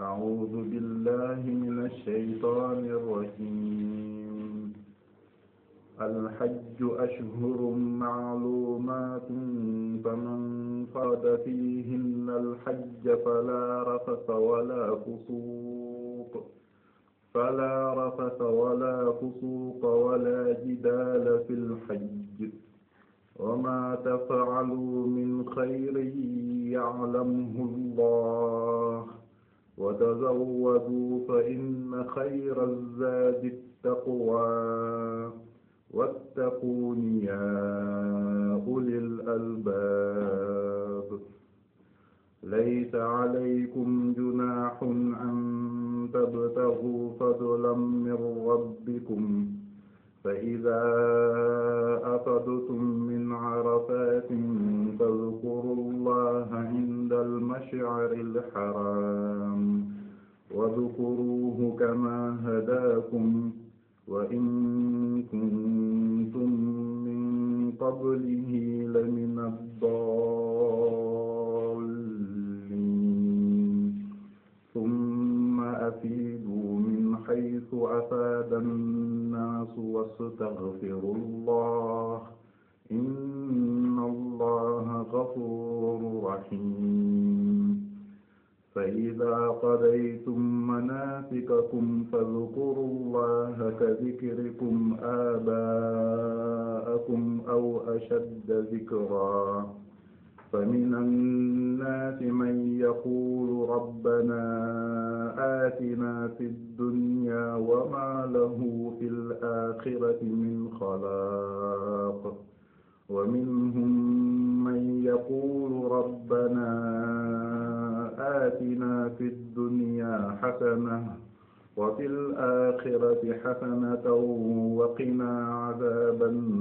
أعوذ بالله من الشيطان الرجيم الحج أشهر معلومات فمن فرد فيهن الحج فلا رفث ولا فسوق فلا رفث ولا فسوق ولا جدال في الحج وما تفعلوا من خير يعلمه الله وتزودوا فإن خير الزاد التقوى واتقون يا أولي الألباب ليس عليكم جناح أن تبتغوا فضلا من ربكم فإذا أفضتم من عرفات فاذكروا الله عند المشعر الحرام واذكروه كما هداكم وإن كنتم من قبله لمن الضالين حيث أفاد الناس واستغفروا الله إن الله غفور رحيم فإذا قضيتم مناسككم فاذكروا الله كذكركم آباءكم أو أشد ذكرا فمن الناس من يقول ربنا آتنا في الدنيا وما له في الآخرة من خلاق ومنهم من يقول ربنا آتنا في الدنيا حسنة وفي الآخرة حسنة وقنا عذاب النار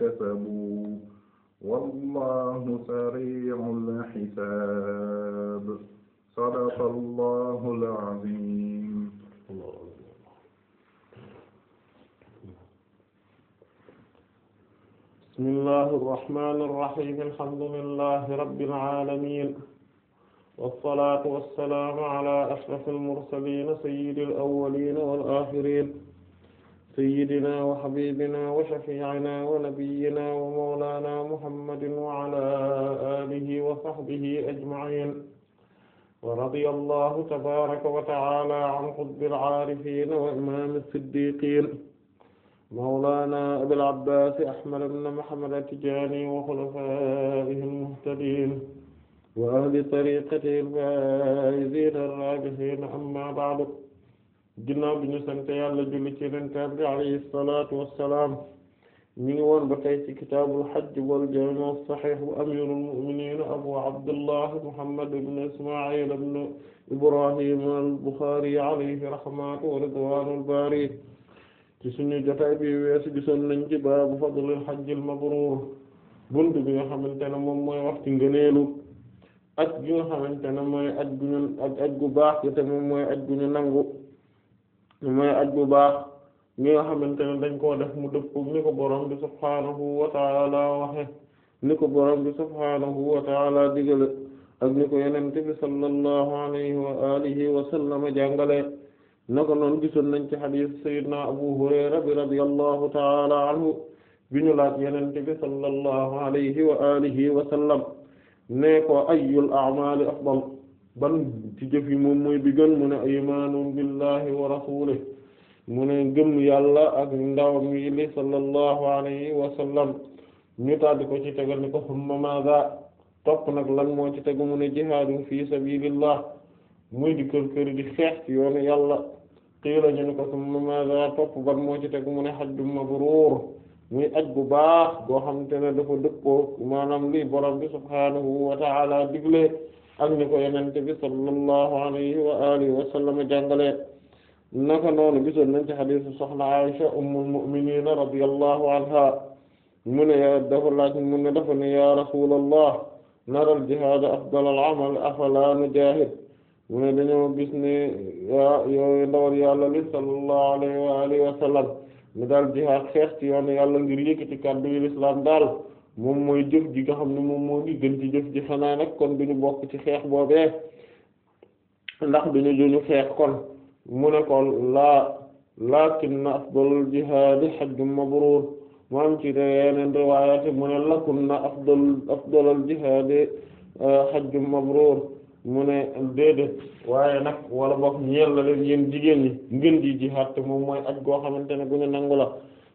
كسبوا والله سريع الحساب صدق الله العظيم بسم الله الرحمن الرحيم الحمد لله رب العالمين والصلاة والسلام على أشرف المرسلين سيد الأولين والآخرين sayyidina wa habibina wa shafi'ina wa nabiyyina wa mawlana muhammadin wa ala alihi wa sahbihi ajma'in wa radiyallahu tabaraka wa ta'ala an qutbil aarifin wa imam as-siddiqin mawlana abil abbas ahmad ibn muhammad at-tijani wa khulafa'ihi al-muhtadin wa ahli tariqatihi al-faa'izin ar-raabihin amma ba'du ginnaaw bi ñu sant yàlla julli ci yonent bi alayhi salaatu wassalaam ñu ngi woon ba tey ci kitaabul hajj wal jaami' as-sahiih bu amiirul mu'miniin abu abdullah muhammad ibn ismaa'iil ibn ibraahiim al-buxaari alayhi rahmatu wa ridwaanul baari ci suñu jotaay bi weesu gisoon nañ ci baabu fadlil hajjil mabruur bunt bi nga xamante ne moom mooy waxtu ngëneelu aj gi nga xamante ne mooy aj gu ñu baax te moom mooy aj gu ñu nangu mooy aj bu baax mi nga xamante ne dañ ko def mu dëpp ni ko borom bi subhaanahu wa taala waxe ni ko borom bi subhaanahu wa taala digale ak ni ko yonent bi sallallahu alayhi wa alihi wa sallam jàngale naka noonu gisoon nañ ci xadiis sayyidina abu hurayra bi radiyallahu taala anhu bi ñu laaj yonent bi sallallahu alayhi wa alihi wa sallam ne ko ayyul a'maali afdal ban ci jëf moom mooy bi gën mu ne imaanu billahi wa rasulih mu ne gëm yàlla ak ndawam yi li sallallahu alayhi wa sallam ñu tàdd ko ci tegal ni ko humma maada topp nag lan moo ci tegu mu ne jihaadu fi sabilillah muy di kër kër di xeex ci yoonu yàlla qiila ñu ne ko humma maada topp ban moo ci tegu mu ne hajju mabruur muy aj bu baax boo xamante ne dafa dëppoo maanaam li borom bi subhaanahu wa ta'ala digle ak ni ko Yonent bi sallallahu alayhi wa alihi wa sallam jàngalee naka noonu gisoon nañ ci xadiisu soxna Aisha ummul mu'miniina radiyallahu anha mu ne ya dafa laaj mu ne dafa ne ya rasulallah nara al jihaad afdal al wa alihi wa sallam ni daal jihaad xeex ci yoonu yàlla ngir yëkkati daal moom mooy jëf ji nga xam ne moom moo ngi gën ci jëf ji xanaa nag kon ñu bokk ci xeex boobee ndax duñu duñu xeex kon mu ne kon laa lakinna afdalul na hajjun mabruur mu am ci yeneen riwaayati mu ne lakunna afdal afdalul jihaadi hajjun euh, mabruur mu ne déedéet waaye nag wala bokk ñeel la leen yéen jigéen ñi ngën ji jihaad te moom mooy aj goo xamante ne gu ñu nangu la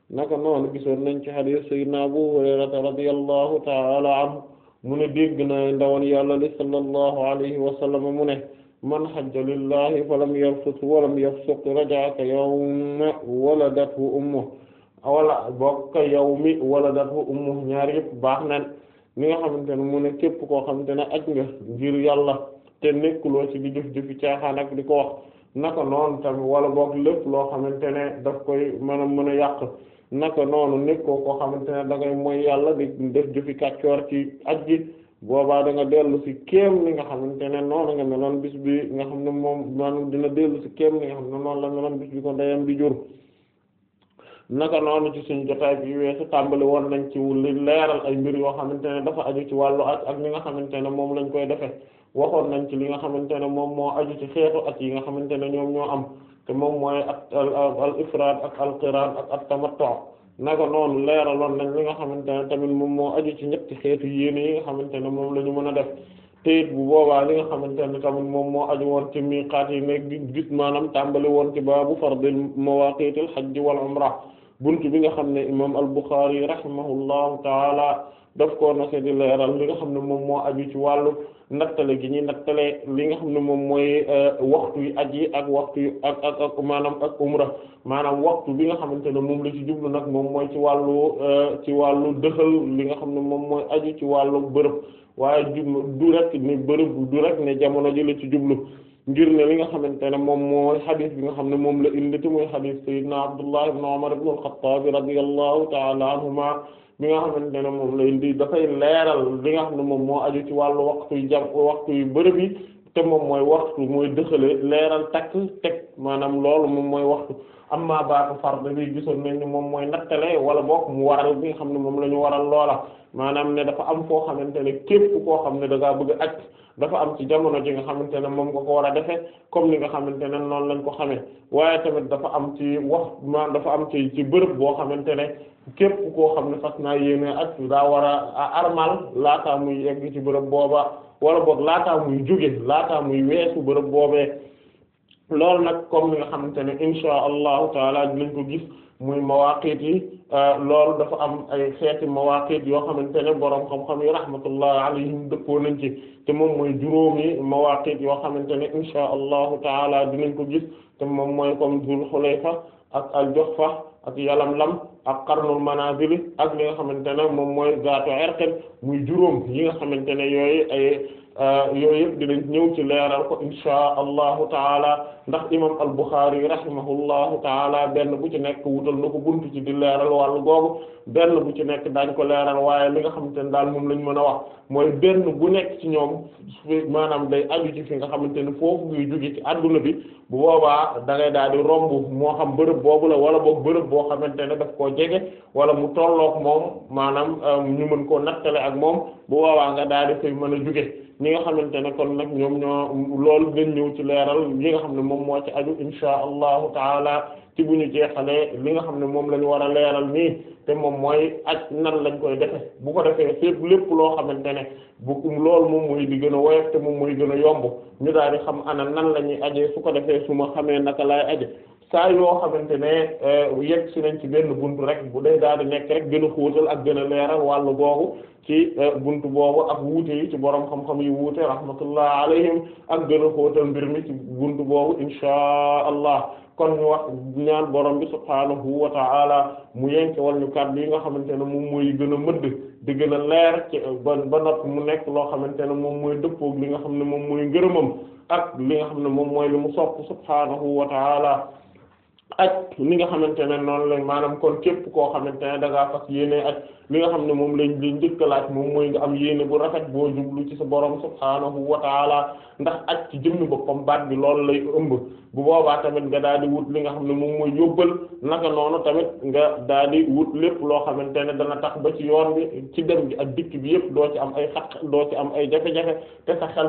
naka noonu gisoon nañ ci hadith sayyidina Abu Hurayrata radiyallahu ta'ala anhu mu ne dégg na ndawal yàlla li sallallahu alayhi wa mu ne man hajja lillahi falam yarfus walam yafsuq raja'a ka yawma waladathu ummuhu wala bokk yawmi ñaar yëpp baax na ni nga xamante ne mu ne képp koo xamante ne aj nga ngir yàlla te nekkuloo ci di jëf-jëfi caaxaan ak di ko wax naka noonu tamit wala boog lépp loo xamante ne daf koy mën a mën a yàq naka noonu nekkoo koo xamante ne da mooy yàlla di def jëfi kàccoor ci aj gi boobaa da nga dellu si kéem li nga xamante ne noonu nga meloon bis bi nga xam ne moom maanaam dina dellu si kéem li nga la meloon bis ko ndeyam di jur naka noonu ci suñu jotaay bi weesu tàmbali woon nañ ci li leeral ay mbir yoo xamante ne dafa aju ci wàllu at ak li nga xamante ne moom lañ koy defee waxoon nañ ci li nga xamante ne moom moo aju ci xeetu at yi nga xamante ne ñoom ñoo am te moom mooy ak al ifraad ak al qiraan ak at tamattu naka noonu leeraloon nañ li nga xamante ne tamit moom moo aju ci ñetti xeetu yéene yi nga xamante ne moom la ñu mën a def te it bu boobaa li nga xamante ne tamit moom moo aju woon ci miiqaat yi nekk gis maanaam tàmbali woon ci baabu fardil mawaaqiitil hajj wal umra bunt bi nga xam ne imaam al-Bukhari rahimahullahu taala daf koo nase di leeral li nga xam ne moom moo aju ci wàllu. nattale gi ñuy nattale li nga xam ne moom mooy euh, waxtu yu aj yi ak waxtu yi ak ak ak maanaam ak umra maanaam waxtu bi nga xamante ne moom la ci jublu nag moom mooy ci wàllu euh, ci wàllu dëxal li nga xam ne moom mooy aju ci wàllu bërëb waaye du rek ne bërëb du rek ne jamono ji la ci jublu ngir ne li nga xamante ne moom mooy xadis bi nga xam ne moom la indi te mooy xadis sayyidina Abdullah ibn Umar ibn al-Khattab radiyallahu ta'ala anhuma bi nga xamante ne moom la indi dafay leeral li nga xam ne moom moo aju ci wàllu waxtu yu jam waxtu yi bërëb yi te moom mooy waxtu mooy dëxale leeral takk teg maanaam loolu moom mooy waxtu amma baatu fard bi gisoon nañ ni moom mooy nattale wala boog mu waral bi nga xam ne moom la ñu waral loola maanaam ne dafa am foo xamante ne képp koo xam ne da ngaa bëgg a aj dafa am ci jamono ji nga xamante ne moom nga ko war a defee comme ni nga xamante ne noonu lañ ko xamee waaye tamit dafa am ci wax ma dafa am ci ci bërëb boo xamante ne képp koo xam ne fas naa yéene ak daa war a armal laataa muy yegg ci bërëb booba wala boog laataa muy jóge laataa muy weesu bërëb boobe loolu nag comme ni nga xamante ne insha allahu taala dinañ ko gis muy mawaqit yi Euh, loolu dafa am ay xeeti mawaqit yoo xamante ne boroom xam-xam yi rahmatullah alayhim dëppoo nañ ci te moom mooy juróomi mawaqit yoo xamante ne insha allahu taala dinañ ko gis te moom mooy comme Zul Xulayfa ak al Juhfa ak lam ak Qarnul Manazil ak li nga xamante ne moom mooy Zaatu Irqin muy juróom yi nga xamante ne yooyu Euh, yooyu yëpp dinañ ñëw ci leeral ko inshaa allahu taala ndax imam al-Bukhari rahimahullahu taala benn bu ci nekk wutal na ko buntu ci di leeral wàllu googu benn bu ci nekk daañ ko leeral waaye li nga xamante ne daal moom lañ mën a wax mooy benn bu nekk ci ñoom maanaam day aju ci fi nga xamante ne foofu ngay jóge ci àdduna bi bu boobaa da daal di romb moo xam bërëb boobu la wala boobu bërëb boo xamante ne daf koo jege wala mu tollook moom maanaam euh, ñu mën koo nattale ak moom bu woowaa nga daal di koy mën a juge ñi nga xamante ne kon nag ñoom ñoo loolu gën ñëw ci leeral yi nga xam ne moom moo ci aju inshaa allahu taala ci bu ñu jeexalee li nga xam ne moom la ñu war a leeral nii te moom mooy aj nan lañ koy defe bu ko defee fépp lépp loo xamante ne bu loolu moom mooy di gën a woyof te moom mooy gën a yomb ñu daal di xam ana nan la ñuy ajee su ko defee su ma xamee naka laay aje saa yoo xamante ne euh, yegg si nañ ci benn buntu rek bu dee daal di nekk rek gën a xóotal ak gën a leeral wàll googu ci euh, bunt boobu ak wuute ci borom xam-xam yi wuute rahmatullah ak gën a xóotal mi ci buntu boobu inshaa kon ñu wax ñaan borom bi subhaanahu wa ta'ala mu yenke wal ñu kàddu nga xamante ne moom mooy gën a mëdd di a euh, ba ba noppi mu nekk loo xamante ne moom mooy dëppoog li nga xam ne moom mooy ngërëmam ak li nga xam ne moom mooy li mu sopp subhaanahu wa aj ni nga xamante ne noonu lañ maanaam kon képp koo xamante ne da ngaa fas yéene aj li nga xam ne moom lañ lañ njëkkalaaj moom mooy nga am yéene bu rafet boo jublu ci sa borom subhaanahu wa taala ndax aj ci jëmm boppam baat bi loolu lay ëmb bu boobaa tamit nga daal di wut li nga xam ne moom mooy yóbbal naka noonu tamit nga daal di wut lépp loo xamante ne dana tax ba ci yoon bi ci dem bi ak dikk bi yëpp doo ci am ay xaq doo ci am ay jafe-jafe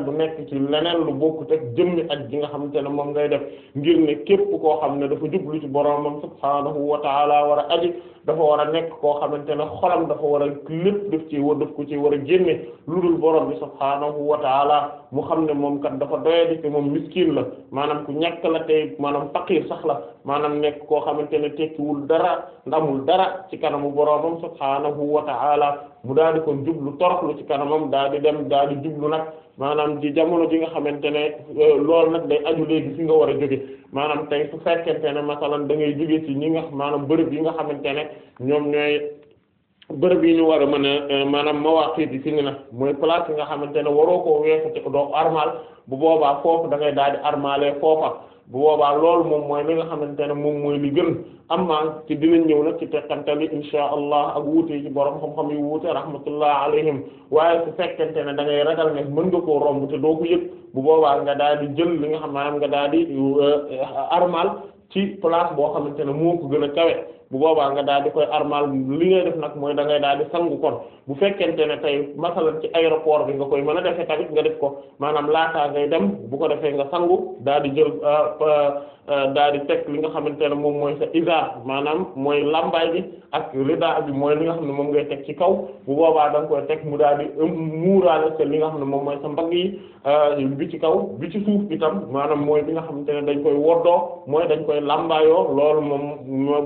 bu nekk ci leneen lu bokkut ak jëmmi ak ji nga xamante ne moom ngay def ngir ne képp koo xam ne dafa jublu ci boromam subhaanahu wa ta'ala war a aji dafa war nekk koo xamante ne xolam dafa war a lépp ci war daf ko ci war a génne lu dul borom bi subhaanahu wa ta'ala mu xam ne moom kat dafa doyadi te moom miskin la maanaam ku ñàkk wala tey maanaam faqiir sax la maanaam nekk koo xamante ne tekkiwul dara ndamul dara ci kanamu boroomam subhaanahu wa ta'ala mu daal di kon jublu toroxlu ci kanamam daal di dem daal di jublu nag maanaam di jamono ji nga xamante ne euh, loolu nag day aju léegi fi nga war a jóge maanaam tey su fekkente ne masalan da ngay jóge ci ñi nga maanaam bërëb yi nga xamante ne ñoom ñooy bërëb yi ñu war a mën a euh, maanaam mawaqit yi si ngi na mooy place yi nga xamante ne waroo ko weesu doo armal bu boobaa foofu da ngay daal di armalee foofa bu boobaa loolu moom mooy li nga xamante ne moom mooy li gën amma ci dinañ ñëw nag ci tekkantali insha allah ak wuute ci borom xam-xam yu wuute rahmatullah alayhim waaye fekkente ne da ragal ne mën nga koo romb te doo ko bu boobaa nga daal di jël li nga xam maanaam nga daal di euh, armal ci place boo xamante ne mu ko gën a kawe bu boobaa nga daal di koy armal li ngay def nag mooy dangay daal di sangu kon bu fekkente ne tey masalan ci aéroport bi nga koy mën a defee tamit nga def ko maanaam laataa ngay dem bu ko defee nga sangu daal di jël euh, euh, daal di teg li nga xamante ne moom mooy sa isaar maanaam mooy lambaay bi ak ridaa bi mooy li nga xam ne moom ngay teg ci kaw bu boobaa da nga koy mu daal di euh, muuraale te li nga xam ne moom mooy sa mbagg yi bi ci kaw bi ci suuf tam maanaam mooy li nga xamante ne dañ koy woddoo mooy dañ koy lambaayoo loolu moom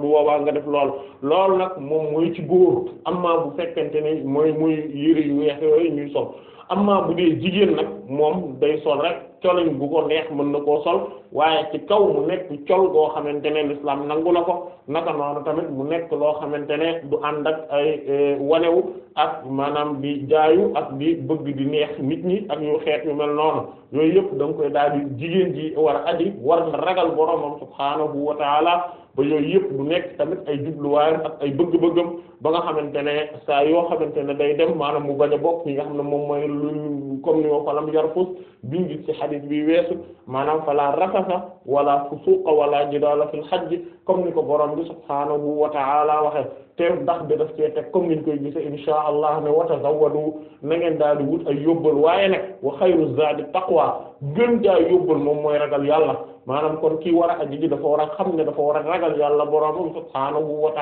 bu boobaa nga lool loolu loolu nag moom mooy ci am amma bu fekkente ne mooy muy yére yu weex yooyu ñuy sol am bu dee jigéen nag moom day sol rek colin bu ko neex mën na koo sol waaye ci kaw mu nekk col goo xamante ne l'islam nangu na ko naka noonu tamit mu nekk loo xamante ne du ànd ak ay eh, wanewu ak maanaam di jaayu ak di bëgg di neex nit ñi ak yu xeet yu mel noonu yooyu yëpp da daal di jigéen ji war a war na ragal boromam subhaanahu wa taala ba yooyu yëpp du nekk tamit ay jubluwaayam ak ay bëgg-bëggam ba nga xamante ne saa yoo xamante ne day dem maanaam mu bañ a bokk yi nga xam ne moom mooy lu comme ni ma falam yarfus bi ñu gis ci xadis bi weesu maanaam fala rafasa wala fusuqa wala jidaala fil xajj comme ni ko borom bi subhaanahu wa ta'ala waxe te ndax bi daf cee teg comme niñ koy gise inshaa allah ne wa tazawwadu na ngeen daal di wut ay yóbbal waaye nag wa xayru zaadi taqwa gën jaa yóbbal moom mooy ragal yàlla maanaam kon ki war a aji ji dafa xam ne dafa war a ragal yàlla borom subhaanahu wa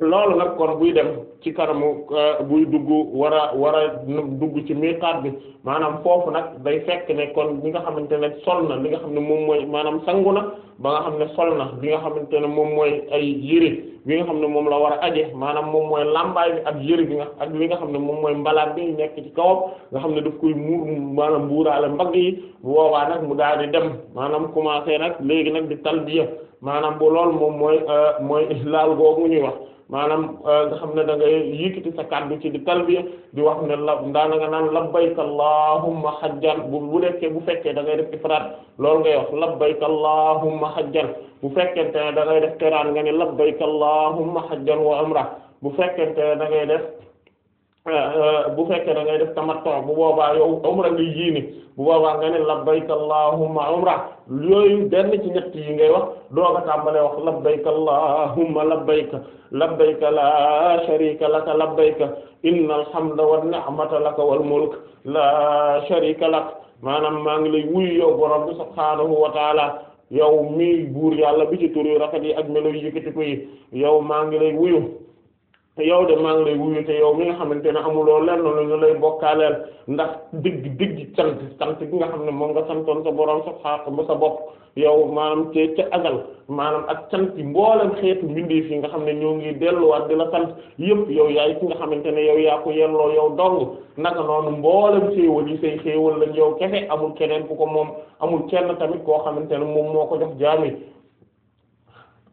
loolu nag kon buy dem ci karamu euh, buy dugg war a war a dugg ci miqaat bi maanaam foofu nag day fekk ne kon li nga xamante ne sol na li nga xam ne moom mooy maanaam sangu na ba nga xam ne sol na li nga xamante ne moom mooy ay yére bi nga xam ne moom la war a aje maanaam moom mooy lambaay bi ak yëre bi nga ak li nga xam ne moom mooy mbalaat bi nekk ci kawam nga xam ne daf koy muur maanaam buuraale mbagg yi bu boobaa nag mu daal di dem maanaam commencé nag léegi nag di talbiya maanaam bu lool moom mooy euh, mooy ihlaal googu ñuy wax maanaam euh, nga xam ne da ngay yëkkati sa kàddu ci di talbiya di wax ne la daana nga naan labbayka allahumma hajjan bu bu nekkee bu fekkee da ngay def ifraat loolu ngay wax labbayka allahumma hajjan bu fekkente ne da ngay def teraan nga ne labbayka allahumma hajjan wa umra bu fekkente ne da ngay def eh, eh, bu fekkee da ngay def tamattu bu boobaa yow umra ngay yéene bu boobaa nga ne labbayka allahumma umra yooyu benn ci ñett yi ngay wax doog a tàmbalee wax labbayka allahumma labbayka labbayka laa sharika laka labbayka innal hamda wan ni'mata laka wal mulk laa sharika lak maanaam maa ngi lay wuyu yow borom bi subhaanahu yow mii buur yàlla bi ci tur rafet yi ak melo yëkkati ko yi yow maa ngi lay wuyu te yow de maa ngi lay wuyu te yow mi nga xamante ne amuloo lenn lu ñu lay bokkaaleel ndax dëgg dëgg sant sant gi nga xam ne moom nga santoon sa borom sa xaq ba sa bopp yow maanaam te ca agal maanaam ak sant mboolem xeetu mbindeef yi nga xam ne ñëw ngi delluwaat di la sant yépp yow yaay ki nga xamante ne yow yaa ko yelloo yow dong naka noonu mboolem xéewal yi say xéewal lañ yow kese amul keneen ku ko moom amul kenn tamit koo xamante ne moom moo ko jox jaami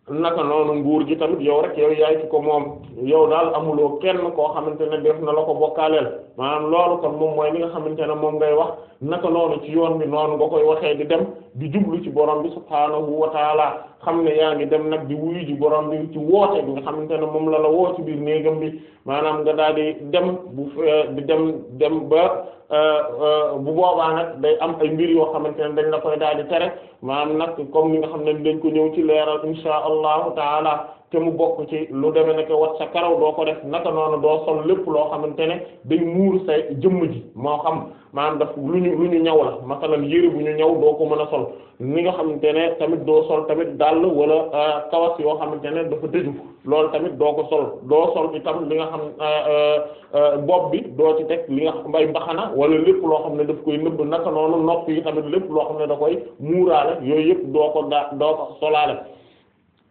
naka noonu nguur gi tamit yow rek yow yaay ci ko moom yow daal amuloo kenn koo xamante ne def na la ko bokkaaleel maanaam loolu kon moom mooy li nga xamante ne moom ngay wax naka noonu ci yoon bi noonu nga koy waxee di dem di jublu ci borom bi subhaanahu wa taala xam ne yaa ngi dem nag di wuyu ji borom bi ci woote bi nga xamante moom la la woo ci biir néegam bi maanaam nga daal di dem bu eh, di dem dem ba Euh, euh, bu boobaa nag day am ay mbir yoo xamante ne dañ la koy daal di tere maanaam nag comme ni nga xam ne dañ ko ñëw ci leeral insha allahu taala te mu bokk ci lu deme ne ko sa karaw doo ko def naka noonu doo sol lépp loo xamante ne day muur sa moo xam maanaam daf lu ñu lu ñaw la masalan yére bu ñu ñaw doo ko mën a sol ni nga xamante ne tamit doo sol tamit dàll wala euh, kawas yoo xamante ne dafa tëju loolu tamit doo ko sol doo sol itam li nga xam euh, euh, bopp bi doo ci teg li nga xam mbay mbaxana wala lépp loo xam ne daf koy nëbb naka noonu nopp yi tamit lépp loo xam ne da koy muuraale yooyu yëpp doo ko daa doo ko solaale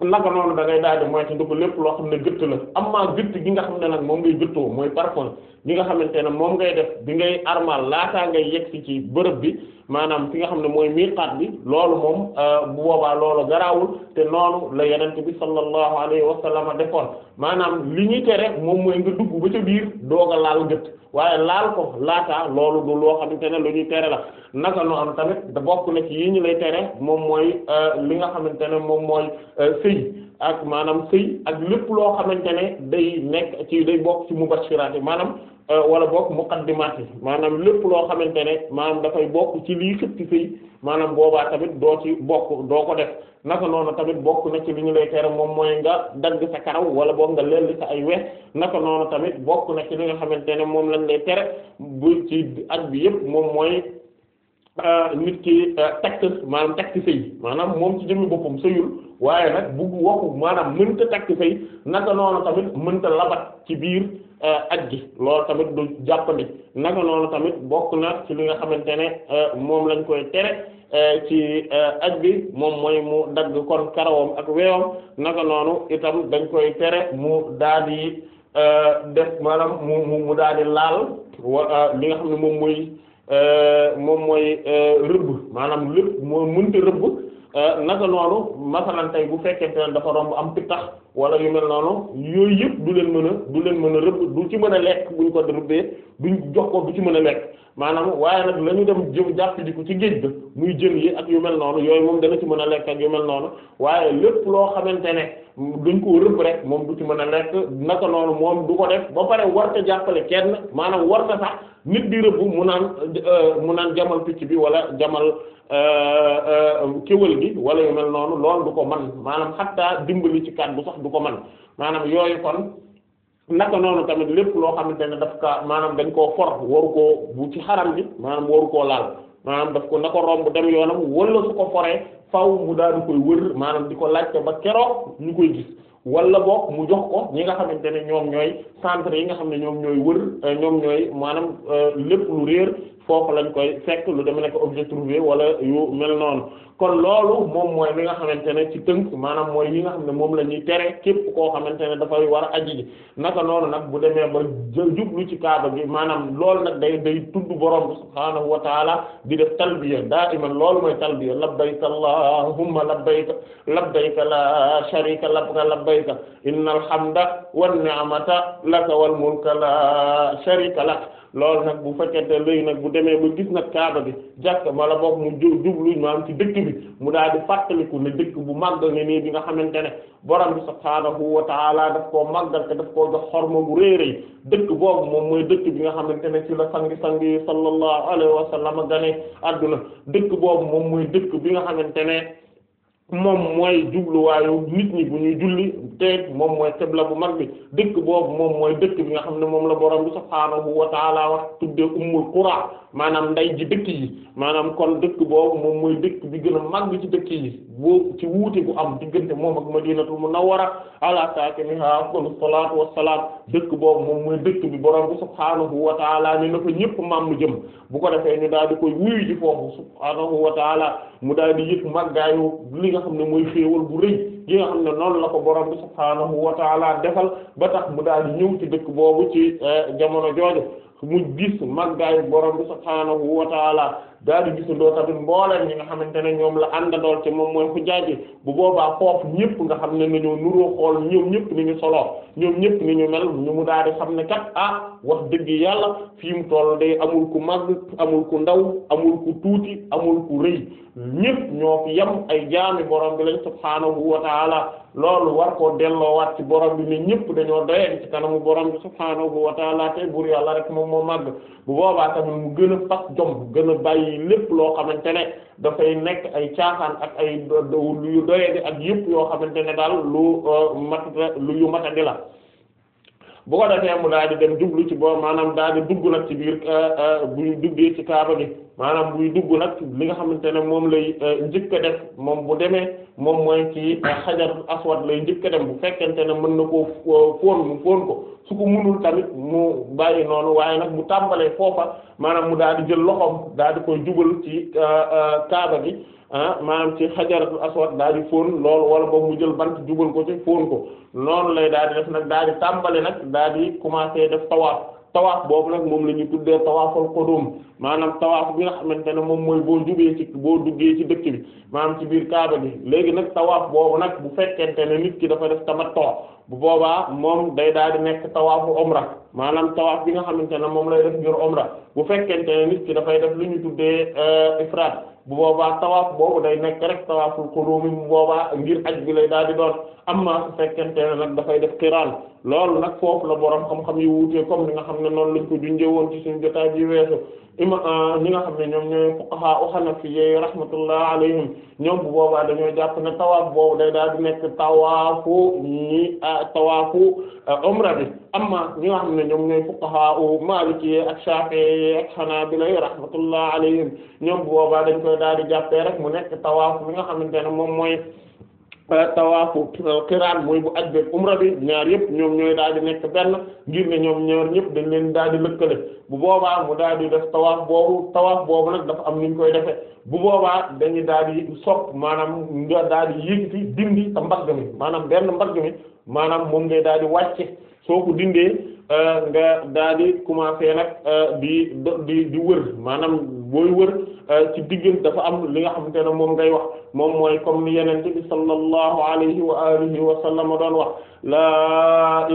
naka noonu da ngay daal di moytu lépp loo xam ne gëtt la am maa gëtt nga xam ne nag moom ngay gëttoo mooy parfum li nga xamante ne moom ngay def bi ngay armaal laataa ngay yegsi ci bërëb bi maanaam fi nga xam ne mooy miiqaat bi loolu moom euh, bu boobaa loolu garaawul te noonu la yenente bi sallallahu alayhi wa sallam defoon maanaam li ñuy tere moom mooy nga dugg ba ca biir doog a laal gët waaye laal ko laataa loolu du loo xamante ne lu ñuy tere la naka nu am tamit bokk na ci yi ñu lay tere moom mooy euh, li nga xamante ne moom mooy euh, sëy ak maanaam sëy ak lépp loo xamante ne day nekk ci day bokk ci mubashiraat yi maanaam euh, wala bokk muqaddimaat yi maanaam lépp loo xamante ne maanaam dafay bokk ci lii xëpp ci sëy maanaam boobaa tamit doo ci bokk doo ko def naka noonu tamit bokk na ci li ñu lay tere moom mooy nga dagg sa karaw wala boog nga lelli sa ay wex naka noonu tamit bokk na ci li nga xamante ne moom lañu lay tere bu ci ak bi yépp moom mooy Euh, nit ki euh, takk maanaam takk sëy maanaam moom ci jëmmi boppam sëyul waaye nag bu waxu maanaam mënta takk sëy naka noonu tamit mënta labat ci biir euh, ak gi loolu tamit du jàppandi naka noonu tamit bokk na ci li nga xamante ne moom lañ koy tere ci aj gi moom mooy mu dagg kon karawam ak weewam naka noonu itam dañ koy tere mu daal di def maanaam mu mu daal di laal wa li nga xam ne moom mooy Euh, moom mooy euh, rëbb maanaam lépp moo mënta rëbb euh, naka noonu masalan tey bu fekkente ne dafa romb am pittax wala yu mel noonu yooyu yëpp du leen mën a du leen mën a rëbb du ci mën a lekk buñ ko rëbbee duñ jox ko du ci mën a lekk maanaam waaye nag la ñu dem jëm jàpp di ko ci géej ga muy jën yi ak yu mel noonu yooyu moom dana ci mën a lekk ak yu mel noonu waaye lépp loo xamante ne dañ ko rëbb rek moom du ci mën a lekk naka noonu moom du ko def ba pare warta jàppale kenn maanaam warta sax nit di rëbb mu naan euh, mu naan jamal picc bi wala jamal euh, euh, kéwél gi wala yu mel noonu lool du ko man du ko mën maanaam yooyu kon naka noonu tamit lépp loo xamante ne daf ka maanaam dañ koo for waru koo bu ci xaram bi maanaam waru koo laal maanaam daf ko na ko romb dem yoonam wala su ko foree faw mu daal di koy wër maanaam di ko laajte ba keroog ñu koy gis wala boog mu jox ko ñi nga xamante ne ñoom ñooy centre yi nga xam ne ñoom ñooy wër ñoom ñooy maanaam euh, lépp lu réer foofu lañ koy fekk lu deme nekk objet trouvé wala yu mel noonu kon loolu moom mooy li nga xamante ne ci tënk maanaam mooy yi nga xam ne moom la ñuy tere képp koo xamante ne dafay war a aji ji naka noonu nag bu demee ba jublu ci kaaba bi maanaam loolu nag day day tudd borom subhaanahu wa di def talbiya daa iman loolu mooy talbiya labbayka allahumma labbayka labbayka la sharika laka labbayka innal hamda wan ni'mata laka wal mulka la sharika lak loolu nag bu fekkente léegi nag bu demee ba gis nag kaaba bi jàkk mala boog mu jublu maanaam ci dëkk bi mu daal di fàttaliku ne dëkk bu màggal ne nii bi nga xamante ne borom bi subhaanahu wa ta'ala daf koo màggal daf koo jox xorma bu réeréy dëkk boobu moom mooy dëkk bi nga xamante ne ci la sangi-sang yi sallallahu alayhi wa sallam adduna dëkk boobu moom mooy dëkk bi nga xamante ne moom mooy jubluwaayu nit ñi bu ñuy julli te moom mooy xibla bu mag bi dëkk boobu moom mooy dëkk bi nga xam ne moom la borom bi subhaanahu wa taala wax tuddee ummul qura maanaam nday ji dëkk yi maanaam kon dëkk boobu moom mooy dëkk bi gën a mag ci dëkk yi boo ci wuute bu am diggante moom ak madinatul munawwara ala saakiniha a salaatu wassalaam dëkk boobu moom mooy dëkk bi borom bi subhaanahu wa taala ni na ñëpp maam nu jëm bu ko defee ñu daal di koy wuyu ji foofu subhaanahu wa mu daal di yëg màggaayu li nga xam ne mooy xéewal bu rëy yi nga xam ne noonu la ko borom bi subhaanahu wa taala defal ba tax mu daal di ñëw ci dëkk boobu ci eh, jamono jooju mu gis màggaayu borom bi subhaanahu wa taala daal di gisandoo tamit mbooleem ñi nga xamante ne ñoom la àndandool ci moom mooy xujjaaj yi bu boobaa foofu ñëpp nga xam ne nañoo nuroo xool ñoom ñëpp ni ñu soloo ñoom ñëpp ni ñu mel ñu mu daal di xam ne kat ah wax dëgg yàlla fii mu toll day amul ku màgg amul ku amul ku amul ñëpp ñoo fi yem ay jaami borom bi lañ subhaanahu wa taala loolu war koo delloowaat ci borom bi ne ñëpp dañoo doyee ci kanamu borom bi subhaanahu wa taala te buur yàlla rek moom moo màgg bu boobaa tamit mu gën a fas jom gën a bàyyi ay lépp loo xamante ne dafay nekk ay caaxaan ak ay yu doyadi ak yëpp yoo xamante ne daal lu euh, mat lu yu matadi la bu ko defee mu daal di dem jublu ci boobu maanaam daal di dugg nag ci biir euh, euh, buy duggee ci kaaba bi maanaam buy dugg nag li nga xamante ne moom lay njëkk a def moom bu demee moom mooy ci xajar aswad lay njëkk dem bu fekkente ne mën na koo fóon mu fóon ko su ko munul tamit mu bàyyi noonu waaye nag mu tàmbalee foofa maanaam mu daal di jël loxoom daal di koy jubal ci euh, euh, kaaba bi ah, maanaam ci xajaratul aswad daal di fóon loolu wala boog mu jël bant jubal ko ci fóon ko noonu lay daal di def nag daal di tàmbale nag daal di commencer def tawaaf tawaaf boobu nag moom la ñu tuddee tawaaful qudum maanaam tawaaf bi nga xamante ne moom mooy boo jubee ci boo duggee ci dëkk bi maanaam ci biir kaaba gi léegi nag tawaaf boobu nag bu fekkente ne nit ki dafa def tamattu bu boobaa moom day daal di nekk tawaafu omra maanaam tawaaf bi nga xamante ne moom lay def ngir omra bu fekkente ne nit ki dafay def lu ñu tuddee euh, ifraad bu boobaa tawaaf boobu day nekk rek tawaaful qudum bu boobaa ngir aj bi lay daal di door amma su fekkente ne nag dafay def qiraan loolu nag foofu la borom xam-xam yi wuute comme ni nga xam ne noonu lañ ko junjee woon ci suñu jotaay bi weesu ima ah, ñi nga xam ne ñoom ñooy fuqaha u hanafi yi rahmatullah alayhim ñoom bu boobaa jàpp ne tawaaf boobu day daal di nekk tawaafu ñi ah, tawaafu ah, umra bi amma ñi nga xam ne ñoom ñooy fuqaha u maliki yi ak shafi'i ak hanabila yi rahmatullah alayhim ñoom bu boobaa dañ koy daal di jàppee rek mu nekk tawaaf mi nga xamante ne moom mooy Euh, tawaafu xiraan euh, mooy bu aj beeg umra bi ñaar yëpp ñoom ñooy daal di nekk benn ngir ne ñoom ñaar ñëpp dañ leen daal di lëkkale bu boobaa mu daal di def tawaaf boobu tawaaf boobu nag dafa am ni ñu koy defee bu boobaa dañuy daal di sopp maanaam nga daal di yëkkati dindi tam mbagg mi maanaam benn mbagg mi maanaam moom ngay daal di wàcce soo ko dindee euh, nga daal di commencer nag euh, di di di wër maanaam booy wër euh, ci diggante dafa am li nga xamante ne moom ngay wax moom mooy comme ni yenente bi sallallahu alayhi wa alihi wa sallam doon wax laa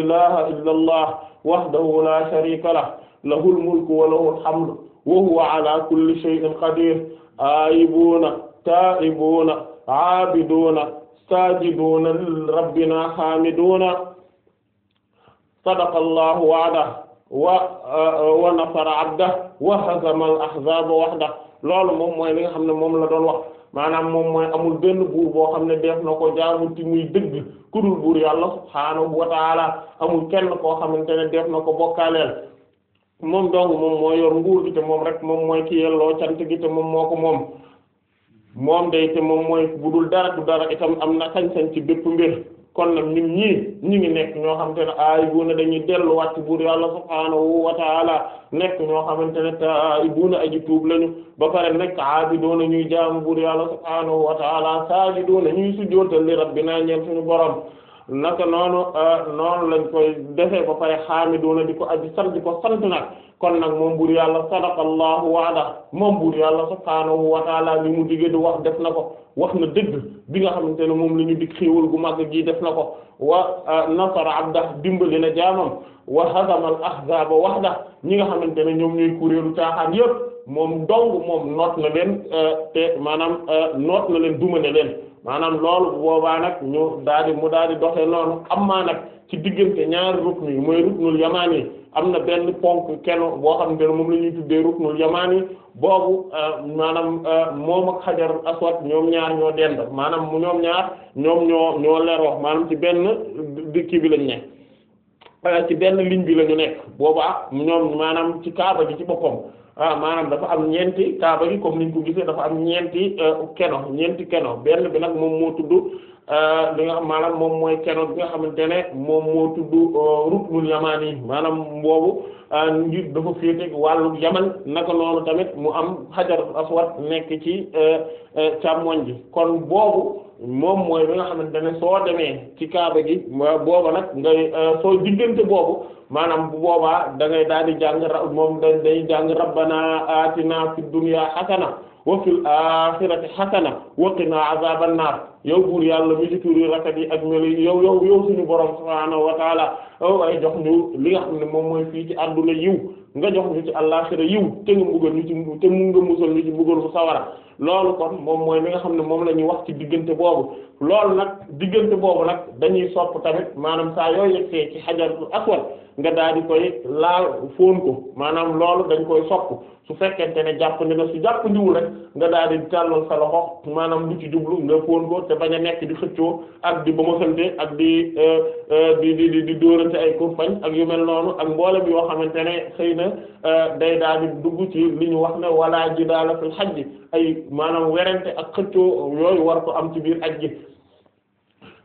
la sharika lah lahul mulku wa lahul hamdu wa huwa ala kulli shay'in qadir ayibuuna ta'ibuuna aabiduuna saajiduuna rabbina xaamiduuna sadaqallahu wa'da wa wa nasara abda wa hazama al ahzaba wahda loolu moom mooy li nga xam ne moom la doon wax maanaam moom mooy amul benn buur boo xam ne def ko jaamu ci muy dëgg ku dul buur yàlla subhaanahu wa amul kenn koo xamante ne def na ko bokkaaleel moom dong moom moo yor nguur gi te moom rek moom mooy ki yelloo cant gi te moom moo moom moom day te moom mooy bu dul dara du dara itam am na sañ-sañ ci bépp mbir kon nag ñun ñii ñi ngi nekk ñoo na ne aayibuna dañuy delluwaat ci buur yàlla subhaanahu wa taala nekk ñoo xamante ne taayibuna aji tuub lañu ba pare nekk aabidoona ñuy jaamu buur yàlla subhaanahu wa taala saajidoona ñuy sujjóotal li naa ñeel suñu borom naka noonu euh, noonu lañ koy defee ba pare xaamiduuna di ko aji sal di ko sant nag kon nag moom buur yàlla sadaqallahu waada moom buur yàlla subhaanahu wa taala li mu digee di wax def na ko wax na dëgg bi nga xamante ne moom la ñu dig xiiwal gu màgg gi def na ko wa euh, nasara abda dimbali na jaamam wa hazama al ahzaba wahda ñi nga xamante ne ñoom ñooy kuréelu caaxaan yépp moom dong moom noot na leen euh, te maanaam noot na leen dumane leen maanaam loolu bu nag ñu daal di mu daal di doxe noonu am maa nag ci diggante ñaar rukn yi mooy ruknul yamaan yi am na benn ponk kenn boo xam ne moom la ñuy tuddee ruknul yamaan yi boobu euh, maanaam euh, moom xajar aswad ñoom ñaar ñoo maanaam mu ñoom ñaar ñoom ñoo ñoo leroo ci benn dikki bi lañ euh, ci benn ligne bi la ñu nekk boobaa ñoom maanaam ci kaaba ji ci boppam ah maanaam dafa am ñeenti kaaba gi comme niñ ko gisee dafa am ñeenti euh, keno ñeenti keno benn bi nag moom moo tudd euh, li nga xam maanaam moom mooy keno bi nga xamante ne moom moo tudd euh, ruknul yamaan yi maanaam boobu ngir dafa féete wàllu yaman naka noonu tamit mu am xajar aswad nekk ci càmmoñ bi kon boobu moom mooy bi nga xamante ne soo demee ci kaaba gi booba nag ngay soo diggante boobu maanaam bu boobaa da ngay daal di jàng ra moom da day jàng rabbana atina fid dunya hasana wa fil akhirati hasana wa qina azaban nar yow buur yàlla mi ci turi rafet yi ak mel yow yow yow suñu borom subhaanahu wa taala aw ay ñu li nga xam ne moom mooy fii ci àdduna yiw nga jox ñu ci àllaxira yiw te nga mbugal ñu ci te mu nga musal ñu ci mbugal fu sawara loolu kon moom mooy li nga xam ne moom la ñuy wax ci diggante boobu loolu nag diggante boobu nag dañuy sopp tamit maanaam saa yooyu yegsee ci xajarul aswad nga daal di koy laal fóon maanaam loolu dañ koy sopp su fekkente ne jàpp ni la su jàpp nga daal di tàllal sa loxo maanaam lu ci jublu nga fóon ko te bañ a nekk di xëccoo ak di bëmasante ak euh, euh, di di di di dóorante ay kurpañ ak yu mel noonu ak bi yoo xamante ne xëy na euh, day daal di dugg ci li ñu wax ne wala jidaala fil bi ay maanaam werante ak xëccoo yooyu war am ci biir aj gi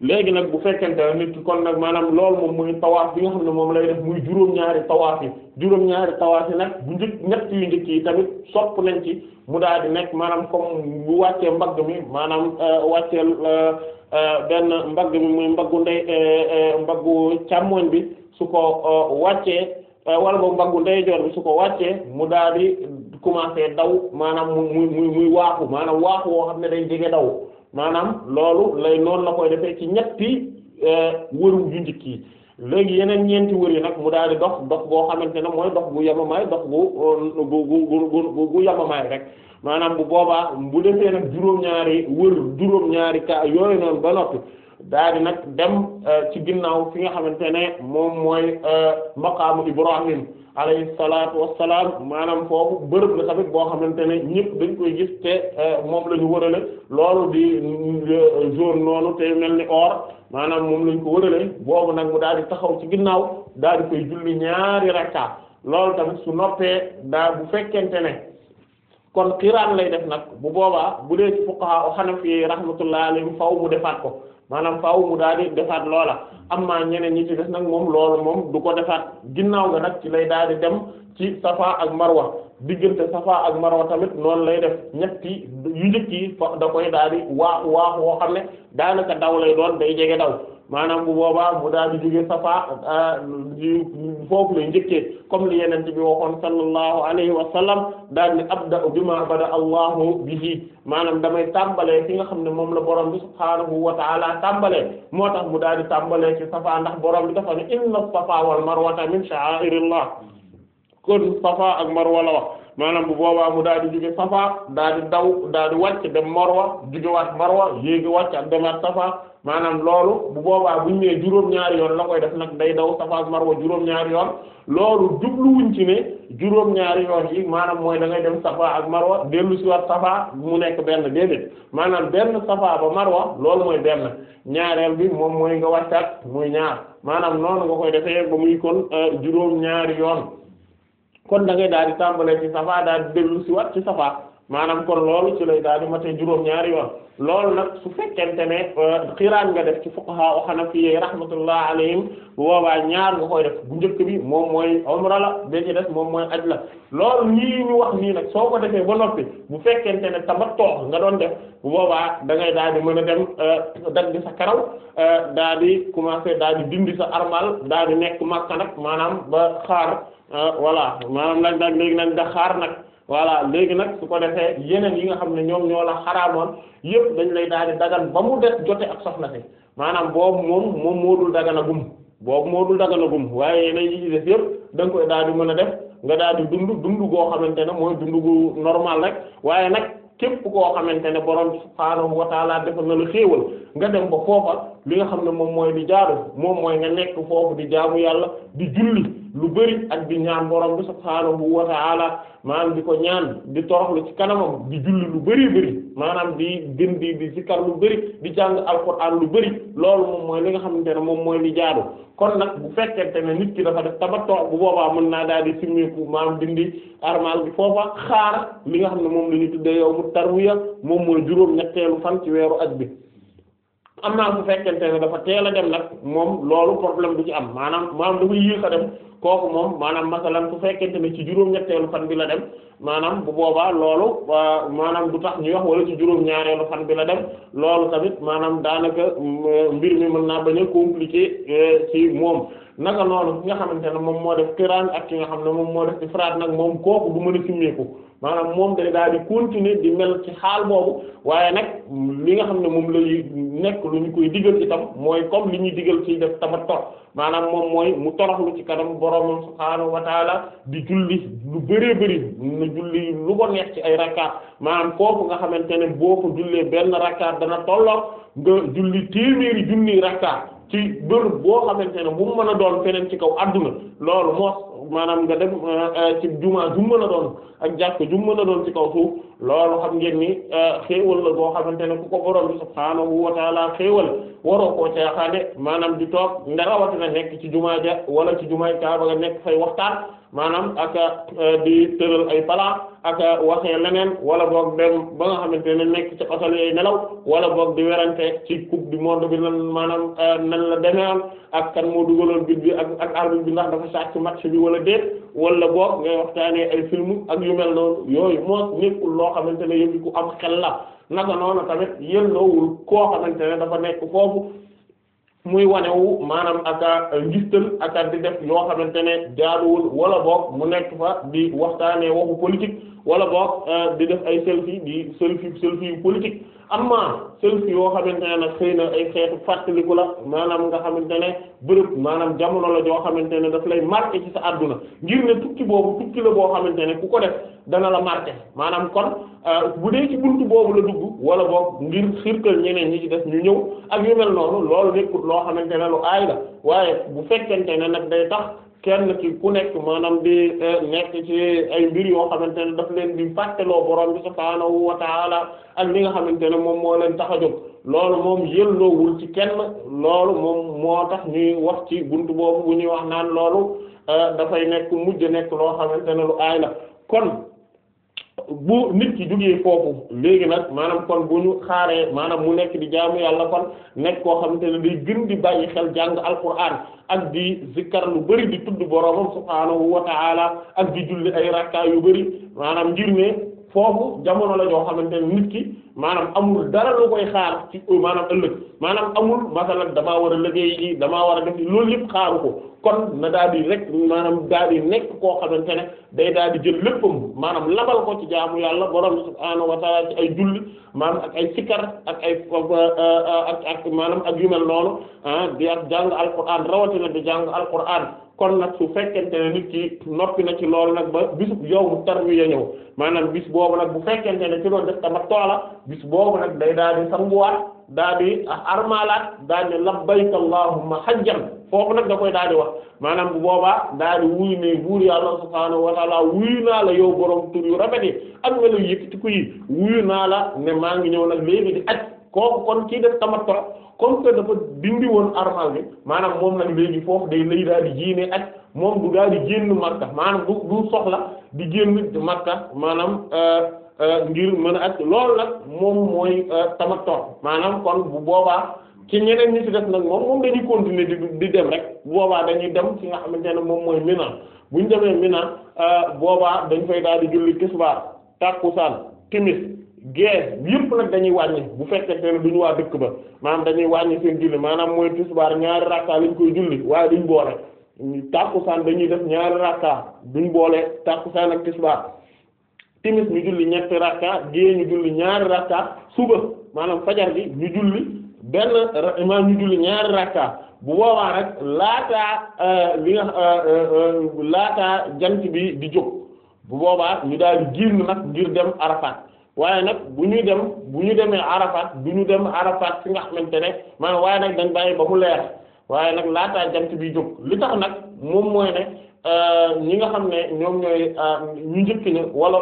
léegi nag bu fekkente nit ki kon nag maanaam lool moom muy tawaaf bi nga xam ne moom lay def muy juróom-ñaari tawaaf yi juróom-ñaari tawaaf yi nag bu njëkk ñett yu njëkk yi tamit sopp nañ ci mu daal di nekk maanaam comme bu wàccee mbagg mi maanaam euh, wàccee euh, euh, benn mbagg mi muy mbaggu ndey mbaggu càmmoñ bi su ko wàccee wala ba mbaggu ndeyjoor bi su ko wàccee mu daal commencé daw maanaam muy muy muy waaxu maanaam waax woo xam ne day jege daw maanaam loolu lay noonu la koy defee ci ñetti euh, wëru yu njëkk yi léegi yeneen ñeenti wër yi nag mu daal di dox dox boo xamante ne mooy dox bu yemamaay dox bu bu bu bu yemamaay rek maanaam bu boobaa bu defee nag juróom-ñaari wër juróom-ñaari ka daal di nag dem euh, ci ginnaaw fi nga xamante ne moom mooy euh, maqaamu Ibrahim alayhi salaatu wassalaam maanaam foofu bërëb la tamit boo xamante ne ñëpp dañ koy gis te euh, moom la ñu wërale loolu di euh, jour noonu te mel ni or maanaam moom la ñu ko wërale boobu nag mu daal di taxaw ci ginnaaw daal di koy julli ñaari rakka loolu tamit su noppee daa bu fekkente ne kon xiraan lay def nag bu boobaa bu dee ci fuqaha hanafi rahmatullahi alayhim faaw mu defaat ko maanaam faaw mu daal di defaat loola amma ñeneen ñi ci des nag moom loolu moom du ko defaat ginnaaw ga nag ci lay daal di dem ci safa ak marwa diggante safa ak marwa tamit noonu lay def ñetti yu njëkk yi fa da koy daal di waaxu waaxu woo xam ne daanaka daw lay doon day jege daw maanaam bu boobaa mu daal di jóge safa ah, foofu lay njëkkee comme li yenente bi waxoon sallallahu alayhi wa sallam daal di abda'u bima bada allahu bihi maanaam damay tàmbalee ki nga xam ne moom la borom bi subhaanahu wa ta'ala tàmbalee moo tax mu daal di tàmbalee ci safa ndax borom bi dafa ne inna safa wal marwata min sha'airillah kon safa ak marwa la maanaam bu boobaa mu daal di jóge safa daal di daw daal di wàcc dem marwa jógewaat marwa yéegi wàcc ak demaat safa maanaam loolu bu boobaa buñ nee juróom-ñaari yoon la koy def nag day daw safa ak marwa juróom-ñaari yoon loolu jubluwuñ ci ne juróom-ñaari yoon yi maanaam mooy da ngay dem safa ak marwa dellu si waat safa mu nekk benn déedéet maanaam benn safa ba marwa loolu mooy benn ñaareel bi moom mooy nga wàccaat muy ñaar maanaam noonu nga koy defee ba muy kon euh, juróom-ñaari yoon kon da ngay daal di tàmbalee ci safa daal di dellu si wat ci safa maanaam kon loolu ci lay daal di mate juróom-ñaari yoon loolu nag su fekkente ne euh, xiraan nga def ci fuqaha o hanafiyye rahmatullah alayhim boobaa ñaar nga koy def bu njëkk bi moom mooy umra la ba ci des moom mooy aj la lool lii ñu wax nii nag soo ko defee ba noppi bu fekkente ne tamattu nga doon def bu boobaa da ngay daal di mën a dem euh, dagg sa karaw euh, daal di commencer daal di dindi sa armal daal di nekk Makka maanaam ba xaar Ah, voilà maanaam nag nag léegi nag nga xaar nag voilà léegi nag su ko defee yeneen yi nga xam ne ñoom ñoo la xaraamoon yëpp dañ lay daal di dagan ba mu def jote ak soxna si maanaam boobu moom moom moo dul dagana gum boobu moo dul dagana gum waaye yeneen da nga koy daal di mën a def nga daal dund dund goo xamante ne mooy dund gu normal rek waaye nag képp koo xamante ne borom subhaanahu wa taala defal na la xéewal nga dem ba foofa li nga xam ne moom mooy di jaaru moom mooy nga nekk foofu di jaamu yàlla di julli. lu bëri ak di ñaan borom bi subhaanahu wa ta'ala maanaam di ko ñaan di toroxlu ci kanamam di julli lu bëri bëri maanaam di gën di di sikkar lu bëri di jàng alquran lu bëri loolu moom mooy li nga xamante ne moom mooy li jaadu kon nag bu fekkente ne nit ki dafa def tabattu bu boobaa mën naa daal di simmiku maanaam dindi armal bi foofa xaar li nga xam ne moom lu ñu tuddee yow mu tarwiya moom mooy juróom ñetteelu fan ci weeru aj bi am naa bu fekkente ne dafa teel a dem nag moom loolu problème du ci am maanaam maanaam dafa yéex a dem kooku moom maanaam masalan su fekkente ne ci juróom-ñetteelu fan bi la dem maanaam bu boobaa loolu euh, maanaam du tax ñuy wax wala ci juróom-ñaareelu fan bi la dem loolu tamit maanaam daanaka euh, mbir mi mën naa bañ a compliqué euh, ci moom naka noonu ki nga xamante ne moom moo def qiraan ak ki nga xam ne moom moo def ifraad nag moom kooku du mën a maanaam moom day daal di continuer di mel ci xaal boobu waaye nag li nga xam ne moom la ñuy nekk lu ñu koy digal itam mooy comme li ñuy digal ci def tamattu maanaam moom mooy mu toroxlu ci kanam borom subhaanahu wa di julli lu bëree bëri na julli lu ko neex ci ay rakkaat maanaam foofu nga xamante ne boo ko jullee benn rakkaat dana tolloo nga julli téeméeri junni rakkaat ci bër boo xamante ne bu mu mën a doon feneen ci kaw àdduna loolu maanaam nga dem euh, euh, ci jumaa ju mën a doon ak jàkk ju mën a doon ci kaw suuf loolu xam ngeen ni euh, xéewal la boo xamante ne ku ko borom bi subhaanahu wa taala xéewal waroo koo caaxaane maanaam di toog nga rawatina nekk ci jumaa ja wala ci jumaay Kaaba nga nekk fay waxtaan maanaam ak di tëral ay pala ak waxee leneen wala boog dem ba nga xamante ne nekk ci xosal yooyu nelaw wala boog di werante ci coupe du monde bi nan maanaam na la demee am ak kan moo dugaloon bit bi ak ak arbitre bi ndax dafa sàcc bi wala wala déet wala ngay waxtaanee ay film ak yu noonu yooyu moo nekkul loo xamante ne yëpp ku am xel la naka noonu tamit yelloowul koo xamante ne dafa nekk foofu muy wanewu maanaam aka ngistal aka di def yoo xamante ne jaaduwul wala boog mu nekk fa di waxtaanee waxu politique wala boog euh, di def ay selfie di selfie selfie yu politique amma selfie yoo xamante na nag xëy na ay xeetu fàttaliku la maanaam nga xamante ne bërëb maanaam jamono la joo xamante ne daf lay marqué ci sa àdduna ngir ne tukki boobu tukki la boo xamante ne ku ko def dana la marqué maanaam kon euh, bu dee ci buntu boobu la dugg wala boog ngir xirtal ñeneen ñi ci def ñu ñëw ak yu mel noonu loolu nekkut loo xamante ne lu aay la waaye bu fekkente ne nag day tax kenn ki ku nekk maanaam di eh, nekk ci ay mbir yoo xamante ne daf leen di fàtteloo borom bi subhaanahu wa taala ak li nga xamante ne moom moo leen tax a moom yëlloowul ci kenn loolu moom moo tax ñuy wax ci bunt boobu ñuy wax naan loolu eh, dafay nekk mujj nekk loo xamante ne lu aay la kon bu nit ki jógee foofu léegi nag maanaam kon bu ñu xaaree maanaam mu nekk di jaamu yàlla kon nekk koo xamante ne day gën di bàyyi xel jàng alquran ak di zikkar lu bari di tudd boroomam subhaanahu wa ta'ala ak di julli ay rakka yu bari maanaam ngir ne foofu jamono la ñoo xamante ne nit ki maanaam amul dara lu koy xaar ci maanaam ëllëg maanaam amul masalan damaa war a liggéey yi damaa war a def loolu yëpp xaaru ko kon na daal di rek maanaam daal di nekk koo xamante ne day daal di jël léppam maanaam labal ko ci jaamu yàlla borom subhaanahu wa ta'ala ay julli maanaam ak ay sikkar ak ay euh, euh, ak ak maanaam ak yu mel noonu ah di ak jàng alquran rawatina di jàng alquran kon nag su fekkente ne nit ki noppi na ci loolu nag ba bisub yow mu tarwiya ñëw maanaam bis boobu nag bu fekkente ne ci loolu def tamattu la bis boobu nag day daal di sanguwaat daal di armaalaat daal di labbayka allahumma hajjan foofu nag da koy daal di wax maanaam bu boobaa daal di wuy ne buur yàlla subhaanahu wa taala wuyu naa la yow borom tur yu rafet yi ak nga la yëkkati ko yi wuyu naa la ne maa ngi ñëw nag léegi di aj kooku kon kii def tamattu comme que dafa dindi woon armal bi maanaam moom nag léegi foofu day léegi daal di jiine ak moom du daal di génn Makka maanaam du du soxla di génn Makka maanaam euh, euh, ngir mën a ak lool nag moom mooy euh, tamattu maanaam kon bu boobaa ci ñeneen ñi ci def nag moom moom dañuy continuer di di dem rek bu boobaa dañuy dem ci nga xamante ne moom mooy Mina bu ñu demee Mina boobaa dañ fay daal di julli tisbaar tàkkusaan timis gée yëpp nag dañuy wàññi bu fekkente ne duñu waa dëkk ba maanaam dañuy wàññi seen julli maanaam mooy tisbaar ñaari rakka lañ koy julli waaye duñ boole tàkkusaan dañuy def ñaari rakka duñ boole tàkkusaan ak tisbaar timis ñu julli ñetti rakka gée ñu julli ñaari rakka suba maanaam fajar bi ñu julli benn maanaam ñu julli ñaari rakka bu boobaa rek laataa euh, li euh, euh, jant bi di jóg bu boobaa ñu daal di génn nag ngir dem Arafat waaye nag bu ñuy dem bu ñu demee Arafat du ñu dem Arafat fi nga xamante ne maanaam waaye nag dañ bàyyi ba mu leer waaye nag laataa jant bi jóg li tax nag moom mooy ne ñi nga xam ne ñoom ñooy ñu njëkk ne wala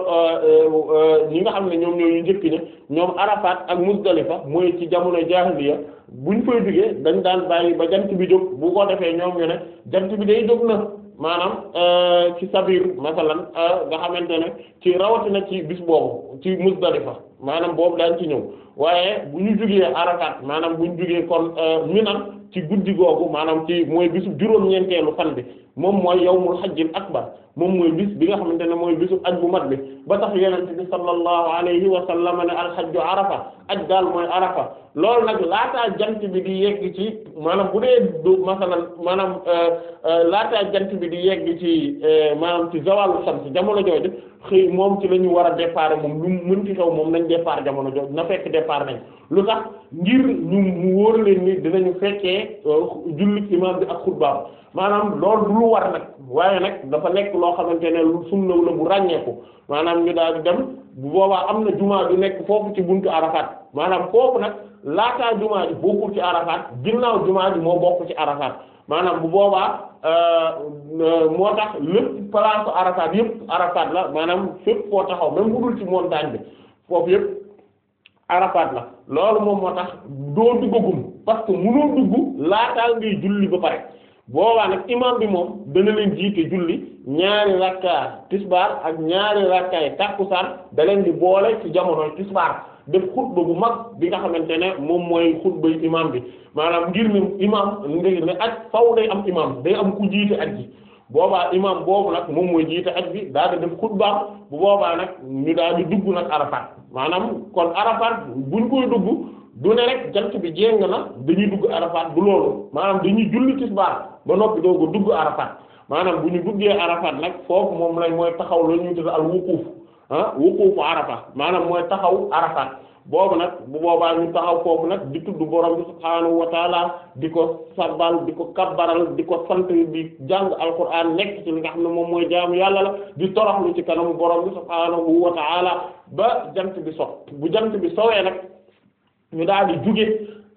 ñi nga xam ne ñoom ñooy ñu njëkk ne ñoom Arafat ak Muzdalifa mooy ci jamono jaahiliya buñ koy jógee dañ daan bàyyi ba jant bi jóg bu ko defee ñoom ñu ne jant bi day jóg na. maanaam euh, ci sabir masalan euh, nga xamante ne ci rawatina ci bis boobu ci Muzdalifa maanaam boobu daañ ci ñëw waaye bu ñu jugee Arafat maanaam bu ñu jugee kon euh, Mina ci guddi googu maanaam ci mooy bisu juróom-ñeenteelu fan bi moom mooy yawmul hajjil akbar moom mooy bis bi nga xamante ne mooy bisu aj bu mat bi ba tax yonent bi sallallahu alayhi wa sallam ne alxajju arafa aj daal mooy arafa loolu nag laataa jant bi di yegg ci maanaam bu dee du masalan maanaam euh, euh, laataa jant bi di yegg ci maanaam ci zawaalu shams jamono jooju xëy moom ci la ñu war a départ moom lu mën ci xew moom nañ départ jamono jo na fekk départ nañ lu tax ngir ñu mu wóor leen ni dinañu fekkee euh, jullit imaam bi ak xutbaam maanaam lool du lu war nag waaye nag dafa nekk loo xamante ne lu sunna la bu ràññeeku maanaam ñu daal di dem bu boobaa am na jumaa du nekk foofu ci buntu Arafat maanaam foofu nag laataa jumaa ji bokkul ci arafaat ginnaaw jumaa ji moo bokk ci arafaat maanaam bu boobaa euh, moo tax lépp place arafaat yëpp arafaat la maanaam fépp foo taxaw même bu dul ci montagne bi foofu yëpp arafaat la loolu moom moo tax doo duggagum parce que munoo dugg laataa ngay julli ba pare boobaa nag imam bi moom dana leen jiite julli ñaari rakkaa tisbaar ak ñaari rakkaay takkusaan da leen di boole ci jamonoy tisbaar def xutba bu mag bi nga xamante ne moom mooy xutba imaam bi maanaam ngir ne imaam ngir ne aj faw day am imaam day am ku jiite aj ji boobaa imaam boobu nag moom mooy jiite aj bi daal di def xutbaam bu boobaa nag ñu daal di dugg nag Arafat maanaam kon Arafat buñ koy dugg du ne rek jant bi jéng na dañuy dugg Arafat du loolu maanaam dañuy julli tisbaar ba noppi doo ko dugg Arafat maanaam bu ñu duggee Arafat nag foofu moom lañ mooy taxaw la ñuy ah wuquufu arafa maanaam mooy taxaw arafaat boobu nag bu boobaa ñu taxaw foofu nag di tudd borom bi subhaanahu wa taala di ko sabbal di ko kabbaral di ko sant di jàng alquran nekk ci li nga xam ne moom mooy jaamu yàlla la di toroxlu ci kanamu borom bi subhaanahu wa taala ba jant bi so bu jant bi sowee nag ñu daal di juge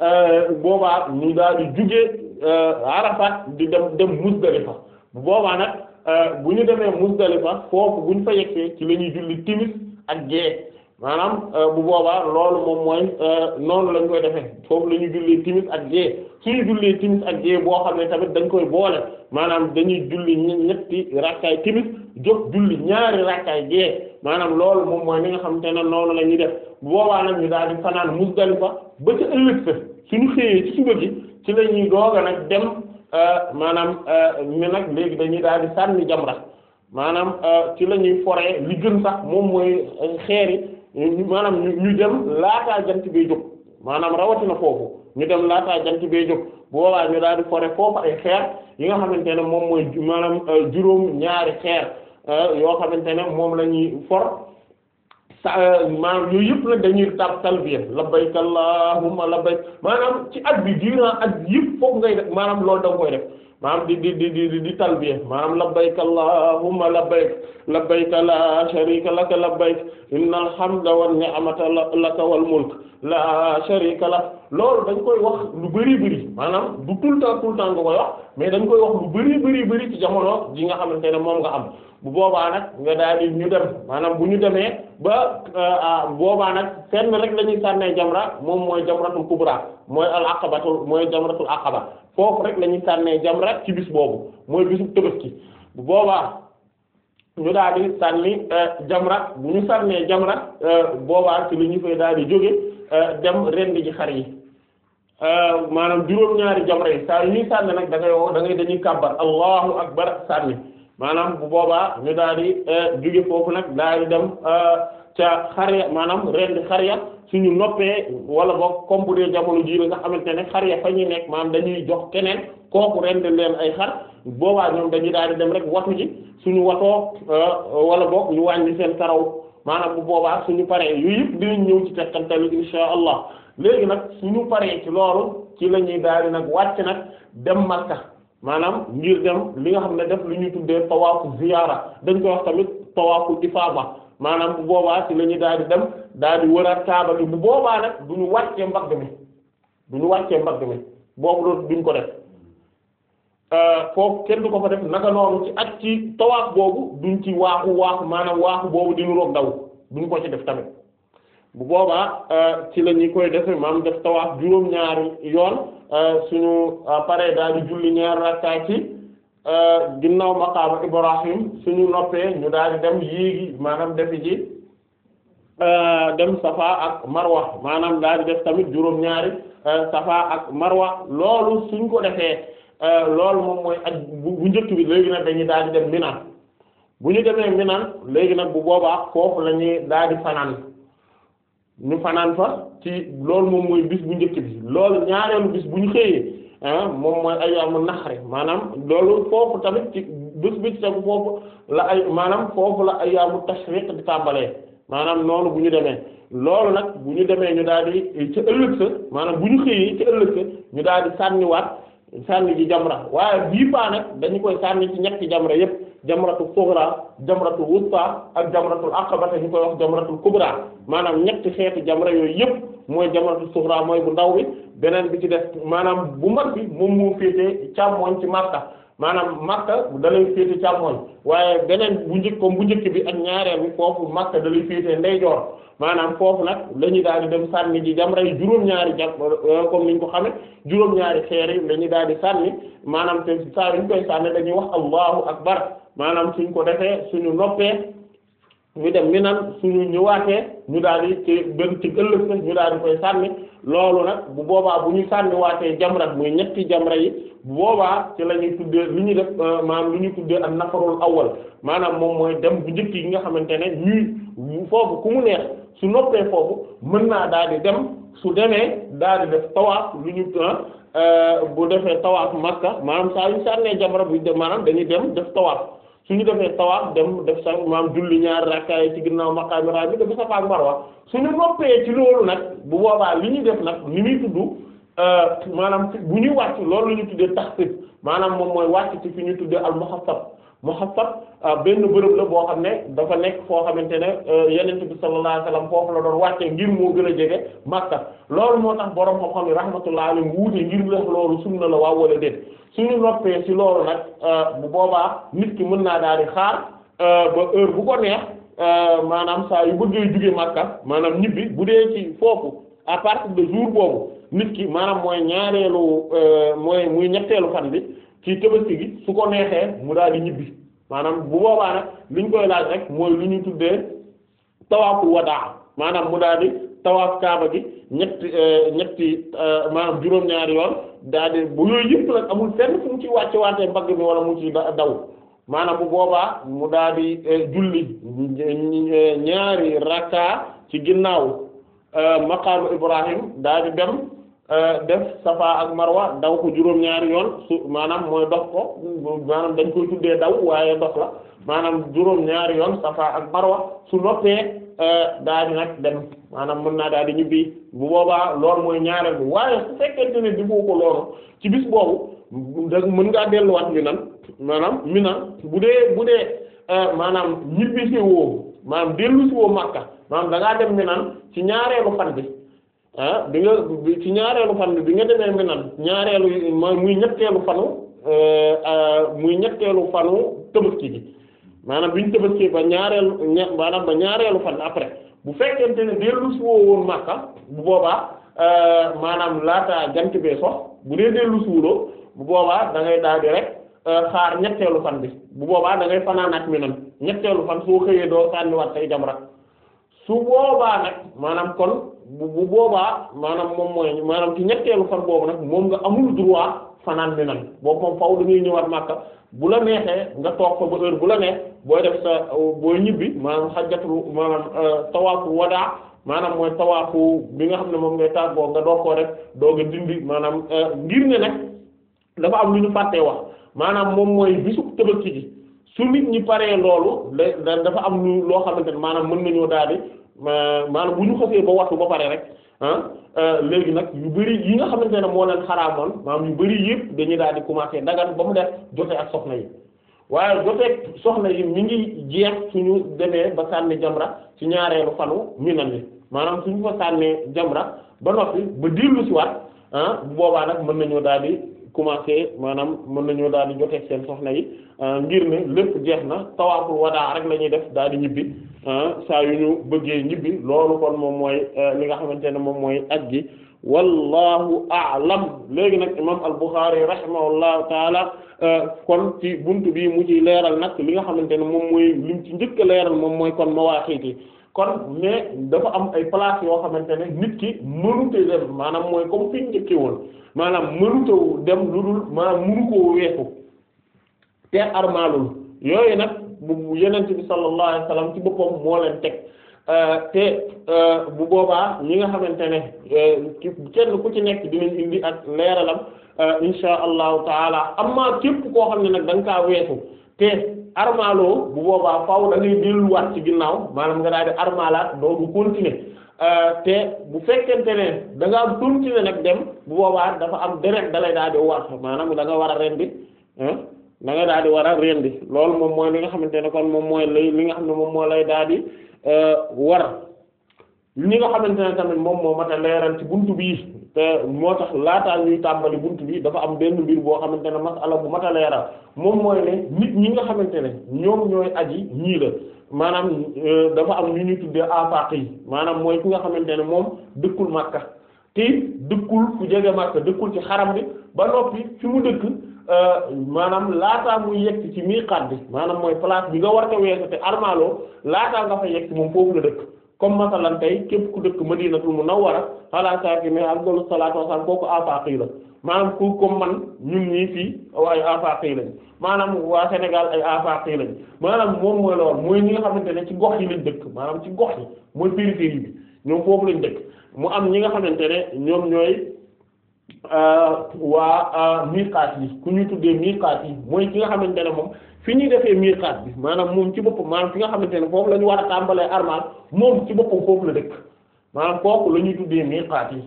euh, boobaa ñu daal di juge euh, arafaat di dem dem musdalifa bu boobaa nag Euh, bu ñu demee Muzdalifa foofu bu ñu fa yegsee ci la ñuy julli timis ak gée maanaam euh, bu boobaa loolu moom mooy euh, noonu lañ koy defee foofu la ñuy jullee timis ak gée suñu jullee timis ak gée boo xam ne tamit dañ koy boole maanaam dañuy julli ñetti rakkaay timis jóg julli ñaari rakkaay gee maanaam loolu moom mooy li nga xam te ne noonu la ñuy def bu boobaa nag ñu daal di fanaan Muzdalifa ba ca ëllëg sa suñu xëyee ci suba gi ci la ñuy doog a nag dem Euh, maanaam mi euh, nag léegi dañuy daal di sànni jamra maanaam euh, ci la ñuy foree li gën sax moom mooy xeeri maanaam ñu dem laataa jant bee jóg maanaam rawatina foofu ñu dem laataa jant bee jóg boobaa ñu daal di fore foofu ay xeer yi nga xamante ne moom mooy maanaam juróom ñaari xeer yoo xamante ne moom la ñuy for Euh, maanaam yooyu yëpp nag dañuy tab talbiya labbayk allahumma labbayk maanaam ci at bi durant at yëpp foog ngay def maanaam loolu da koy def maanaam di di di di di talbiya maanaam labbayka allahumma labbayk labbayka la sharika laka labbayk innal hamda wan ni'mata laka wal mulk la sharika lak loolu dañ koy wax lu bari bari maanaam du tout le temps tout le temps nga koy wax mais dañ koy wax lu bari bari bari ci jamono ji nga xamante ne moom nga am bu boobaa nag nga daal ñu dem maanaam bu ñu demee ba euh, boobaa nag fenn rek lañuy ñuy sànnee jamra moom mooy jamratul kubra mooy al aqabatu mooy jamratul aqaba foofu rek la ñuy sànnee jamrat ci bis boobu mooy bisu Tabaski bu boobaa ñu daal di sànni euh, jamrat bu ñu sànnee jamrat euh, boobaa ci li ñu daal di jóge euh, dem rendi ji xar yi maanaam juróom-ñaari jamra yi saa yu ñuy sànni nag da ngay woo da dañuy kàbbar allahu akbar sànni maanaam bu boobaa ñu daal di jóge foofu nag daal di dem ca xarya maanaam rendi su ñu noppee wala boog comme bu dee jamono jii la nga xamante ne xarya fa ñuy nekk maanaam dañuy jox keneen kooku rendi leen ay xar boobaa ñoom dañuy daal di dem rek watu ji suñu watoo euh, wala boog ñu wàññi seen karaw maanaam bu boobaa suñu paree yu yëpp dinañ ñëw ci tekkantalu insha allah léegi nag suñu paree ci loolu ci la ñuy daal di nag wàcc nag dem Makka maanaam ngir dem li nga xam ne def lu ñuy tuddee tawaafu ziyaara dañ koy wax tamit tawaafu maanaam bu boobaa ci la ñu daal di dem daal di wëraat kaaba bi bu boobaa nag du ñu wàccee mbagg mi du ñu wàccee mbagg mi boobu doon duñ ko def euh, foofu kenn du ko fa def naka noonu ci ak ci tawaaf boobu duñ ci waaxu waaxu maanaam waaxu boobu di ñu roog daw duñ ko ci def tamit bu boobaa euh, ci la ñu koy defe maam def tawaaf juróom-ñaari yoon euh, suñu pare daal di julli ñaar rakkaa ci Euh, ginnaaw maqaama Ibrahim suñu noppee ñu daal di dem yéegi maanaam defi ji euh, dem Safa ak Marwa maanaam daal di def tamit juróom-ñaari euh, Safa ak Marwa loolu suñ ko defee lool moom mooy ak bu njëkk bi léegi nag dañuy daal di dem Mina bu ñu demee Mina léegi nag bu boobaa foofu la ñuy daal di fanaan ñu fanaan fa ci loolu moom mooy bis bu njëkk bi loolu ñaareelu bis bu ñu xëyee. Ah, moom mooy ayyaamu naxri maanaam loolu foofu tamit ci bés bi ci tegu foofu la ay maanaam foofu la ayyaamu tashriq di tàmbalee maanaam noonu bu ñu demee loolu nag bu ñu demee ñu daal di ca ëllëg sa maanaam bu ñu xëyee ca ëllëg sa ñu daal di sànniwaat sànni ji jamra waaye bii paa nag dañu koy sànni ci ñetti jamra yépp jamratul sughra jamratul wusta ak jamratul aqaba ñu koy wax jamratul kubra maanaam ñetti xeetu jamra yooyu yëpp mooy jamratul sughra mooy bu ndaw bi beneen bi ci def maanaam bu mag bi moom moo féetee càmmooñ ci Makka maanaam Makka da lay féete càmmooñ waaye beneen bu njëkk comme bu njëkk bi ak ñaareel bi foofu Makka da lay féete ndeyjoor maanaam foofu nag la daal di dem sànni ji jamra yi juróom-ñaari jàpp euh, comme niñ ko xame juróom-ñaari xeer yi daal di sànni maanaam te saa yu ñu koy sànni dañuy wax ak akbar maanaam suñ ko defee suñu noppee ñu dem mi nan suñu ñëwaatee ñu daal di ci ci ëllëg ñu daal di loolu nag bu boobaa bu ñu sànniwaatee jamra muy ñetti jamra yi boobaa ci la ñuy tuddee ñuy def euh, maanaam lu ñuy tuddee ak nafarul awal maanaam moom mooy dem bu njëkk yi nga xamante ne ñuy foofu ku mu neex su noppee foofu mën naa daal dem su demee daal di def tawaaf lu ñu ah, euh, bu defee tawaaf makka maanaam saa yu sànnee jamra bu maanaam dañuy dem def tawaaf su ñu defee tawaaf dem def sa maanaam julli ñaari rakkaay ci ginnaaw maqaami raay bi def Safaa ak Marwa su ñu noppee ci loolu nag bu boobaa li ñuy def nag li muy tudd euh, maanaam bu ñuy wàcc loolu la ñu tuddee taxsib maanaam moom mooy wàcc ci fi ñuy tuddee al-muhassab muhaffad ah, benn bërëb la boo xam ne dafa nekk foo xamante ne euh, yonent bi sallallahu alayhi wasallam foofu la doon wàcce ngir moo gën a jege Makka loolu moo tax borom xam-xam yi rahmatullahi alayhi wuute ngir lex loolu sunna la waaw wala déet suñu noppee ci loolu nag euh, bu boobaa nit ki mën naa daal di xaar euh, ba heure bu ko neex maanaam saa yu bëggee jugee Makka maanaam ñibbi bu dee ci foofu à partir de jour boobu nit ki maanaam mooy ñaareelu mooy muy ñetteelu fan bi. ci tabaski gi su ko neexee mu daal di ñibbi maanaam bu boobaa nag liñ koy laaj rek mooy lu ñu tuddee tawaaful wadaa maanaam mu daal di tawaaf kaaba gi ñetti euh, ñetti euh, maanaam juróom-ñaari yoon daal di bu yooyu yëpp nag amul fenn fu mu ci wàcce waatee mbagg mi wala mu ci daw maanaam bu boobaa mu daal di euh, julli ñaari rakka ci ginnaaw maqaamu Ibrahim daal di dem Euh, def safa ak marwa daw ko juróom-ñaari yoon su maanaam mooy dox ko maanaam dañ koy tuddee daw waaye dox la maanaam juróom-ñaari yoon safa ak marwa su noppee euh, daal di nag dem maanaam mën naa daal di ñibbi bu boobaa loolu mooy ñaareel bi waaye su fekkente ci bis boobu da mën delluwaat mi na maanaam mi bu dee bu dee euh, maanaam ñibbi si woo maanaam dellu si woo Makka maanaam da dem mi nan ci ñaareelu fan bi ah bi nga ci ñaareelu fan bi bi nga demee mi nan ñaareelu muy ñetteelu fanu euh, euh, muy ñetteelu fanu tabaski bi maanaam bi ñu tabaski ba ñaareelu maanaam ba ñaareelu fan après bu fekkente ne dellu si woo bu boobaa euh, maanaam laata jant bee bu dee dellu si bu boobaa da ngay daal rek xaar ñetteelu fan bi bu boobaa da ngay fanaanaat mi nan ñetteelu fan soo xëyee doo sànniwaat say jamra su boobaa nag maanaam kon bu boobaa maanaam moom mooy maanaam ci ñetteelu fan boobu nag moom nga amul droit fanaan mi nan boobu moom ñëwaat Makka bu la neexee nga toog fa ba heure bu la neex booy def sa booy ñibbi maanaam xajjatul maanaam euh, tawaafu wadaa maanaam mooy tawaafu bi nga xam ne moom ngay tàggoo nga doog koo rek doog a dindi maanaam euh, ngir ne nag dafa am lu ñu fàttee wax maanaam moom mooy bisu Tabaski gi su nit ñi paree loolu da dafa am lu loo xamante ne maanaam mën nañoo daal di maanaam bu ñu xasee ba wattu ba pare rek ah euh, léegi nag yu bari yi nga xamante ne moo leen xaraamoon maanaam yu bari yëpp dañuy daal di commencer dagan ba mu def jote ak soxna yi waaye joteeg soxna yi mu ngi jeex ñu demee ba sànni jamra ci ñaareelu fanu minan yi maanaam suñu fa sànnee jamra ba noppi ba dillu ci waat ah, boobaa nag mën nañoo daal di commencé maanaam mën nañoo daal di joteeg seen soxna yi euh, ngir ne lépp jeex na tawaaful wadaa rek la ñuy def daal di ñibbi euh, saa yu ñu bëggee ñibbi loolu kon moom mooy euh, li nga xamante ne moom mooy aj gi wallahu a'lam léegi nag imam al-Bukhari rahimahullahu taala kon ci buntu bi mu ci leeral nag li nga xamante ne moom mooy lim ci njëkk a leeral moom mooy kon mawaaxiit yi kon mais dafa am ay place yoo xamante ne nit ki mënute dem maanaam mooy comme fi njëkke maanaam mënute dem lu dul maanaam mënu koo weesu te armaalul yooyu nag bu yenent bi sallallahu alayhi wasallam ci boppam moo leen teg euh, te euh, bu boobaa ñi nga xamante ne euh, kenn ku ci nekk dinañ indi ak leeralam insha allahu taala amma képp koo xam ne nag da nga kaa weesu te armaaloo bu boobaa faaw da ngay delluwaat ci ginnaaw maanaam nga daal di armaalaat doo du continuer euh, te bu fekkente ne da ngaa continuer nag dem bu boobaa dafa am deret dalay lay daal di war maanaam danga war a rendi da nga daal di war a rendi loolu moom mooy li nga xamante ne kon moom mooy lay li nga xam ne moom moo lay daal di euh, war li nga xamante ne tamit moom moo mat a leeral ci buntu bii te moo tax laataa ñuy tàmbali bunt bi dafa am benn mbir boo xamante ne masala bu mat a leeral moom mooy ne nit ñi nga xamante ne ñoom ñooy aji ñii la maanaam euh, dafa am ñu ñuy tuddee afaq yi maanaam mooy ki nga xamante ne moom dëkkul Makka te dëkkul ku jege Makka dëkkul ci xaram bi ba noppi fi mu dëkk euh, maanaam laataa muy yegg ci miiqaat bi maanaam mooy place bi nga war a weesu te armaaloo laataa nga fa yegg moom foofu la dëkk comme masalan tey képp ku dëkk Madinatul Munawwara ala saakinihaa afdalu salaatu wassalaam kooku afaaqi la maanaam ku comme man ñun ñii fii waaye afaaqi lañ maanaam waa Sénégal ay afaaqi lañ maanaam moom mooy lool mooy ñi nga xamante ne ci gox yi lañ dëkk maanaam ci gox yi mooy périphérie bi ñoom foofu lañ dëkk mu am ñi nga xamante ne ñoom ñooy euh, waa euh, miqaat yi ku ñuy tuddee miqaat yi mooy ki nga xamante ne moom fi ñuy defee miiqaat bi maanaam moom ci boppam maanaam fi nga xamante ne foofu la ñu war a tàmbalee moom ci boppam foofu la dëkk maanaam kooku la ñuy tuddee miiqaat yi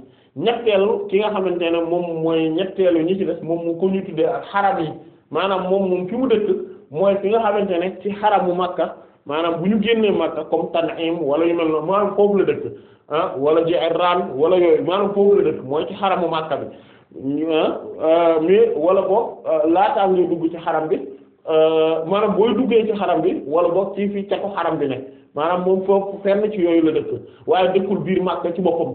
ñetteelu ki nga xamante ne moom mooy ñetteelu ñi ci des moom mu ko ñuy tuddee ak xaram yi maanaam moom moom fi mu dëkk mooy fi nga xamante ne ci xaramu Makka maanaam bu ñu génnee Makka comme Tan'im wala yu mel noonu foofu la dëkk ah wala Ji'ran wala yooyu maanaam foofu la dëkk mooy ci xaramu Makka bi ah, ah, mais wala ko ah, laataa ngay dugg ci xaram bi Euh, maanaam booy duggee ci xaram bi wala boog ci fii catu xaram bi ne maanaam moom foofu fenn ci yooyu la dëkk waaye dëkkul biir Makka ci boppam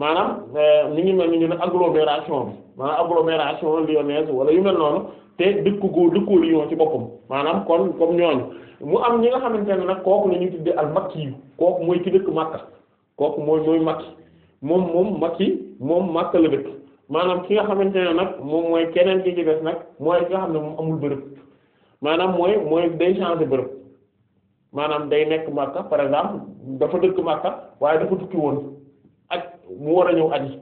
maanaam euh, mi ngi mel ni ñu ne agglomération bi maanaam agglomération lyonnaise wala yu mel noonu te dëkk goo dëkkoo Lyon ci boppam maanaam kon comme ñooñu mu am ñi nga xamante ne nag kooku la ñuy tuddee al makki yu kooku mooy ci dëkk Makka kooku mooy mooy makki moom moom moom Makka la dëkk maanaam ki nga xamante ne nag moom keneen ki ci nag mooy ki nga amul bërëb. maanaam mooy mooy day changer bërëb maanaam day nekk Makka par exemple dafa dëkk Makka waaye dafa tukki woon ak mu war a ñëw aji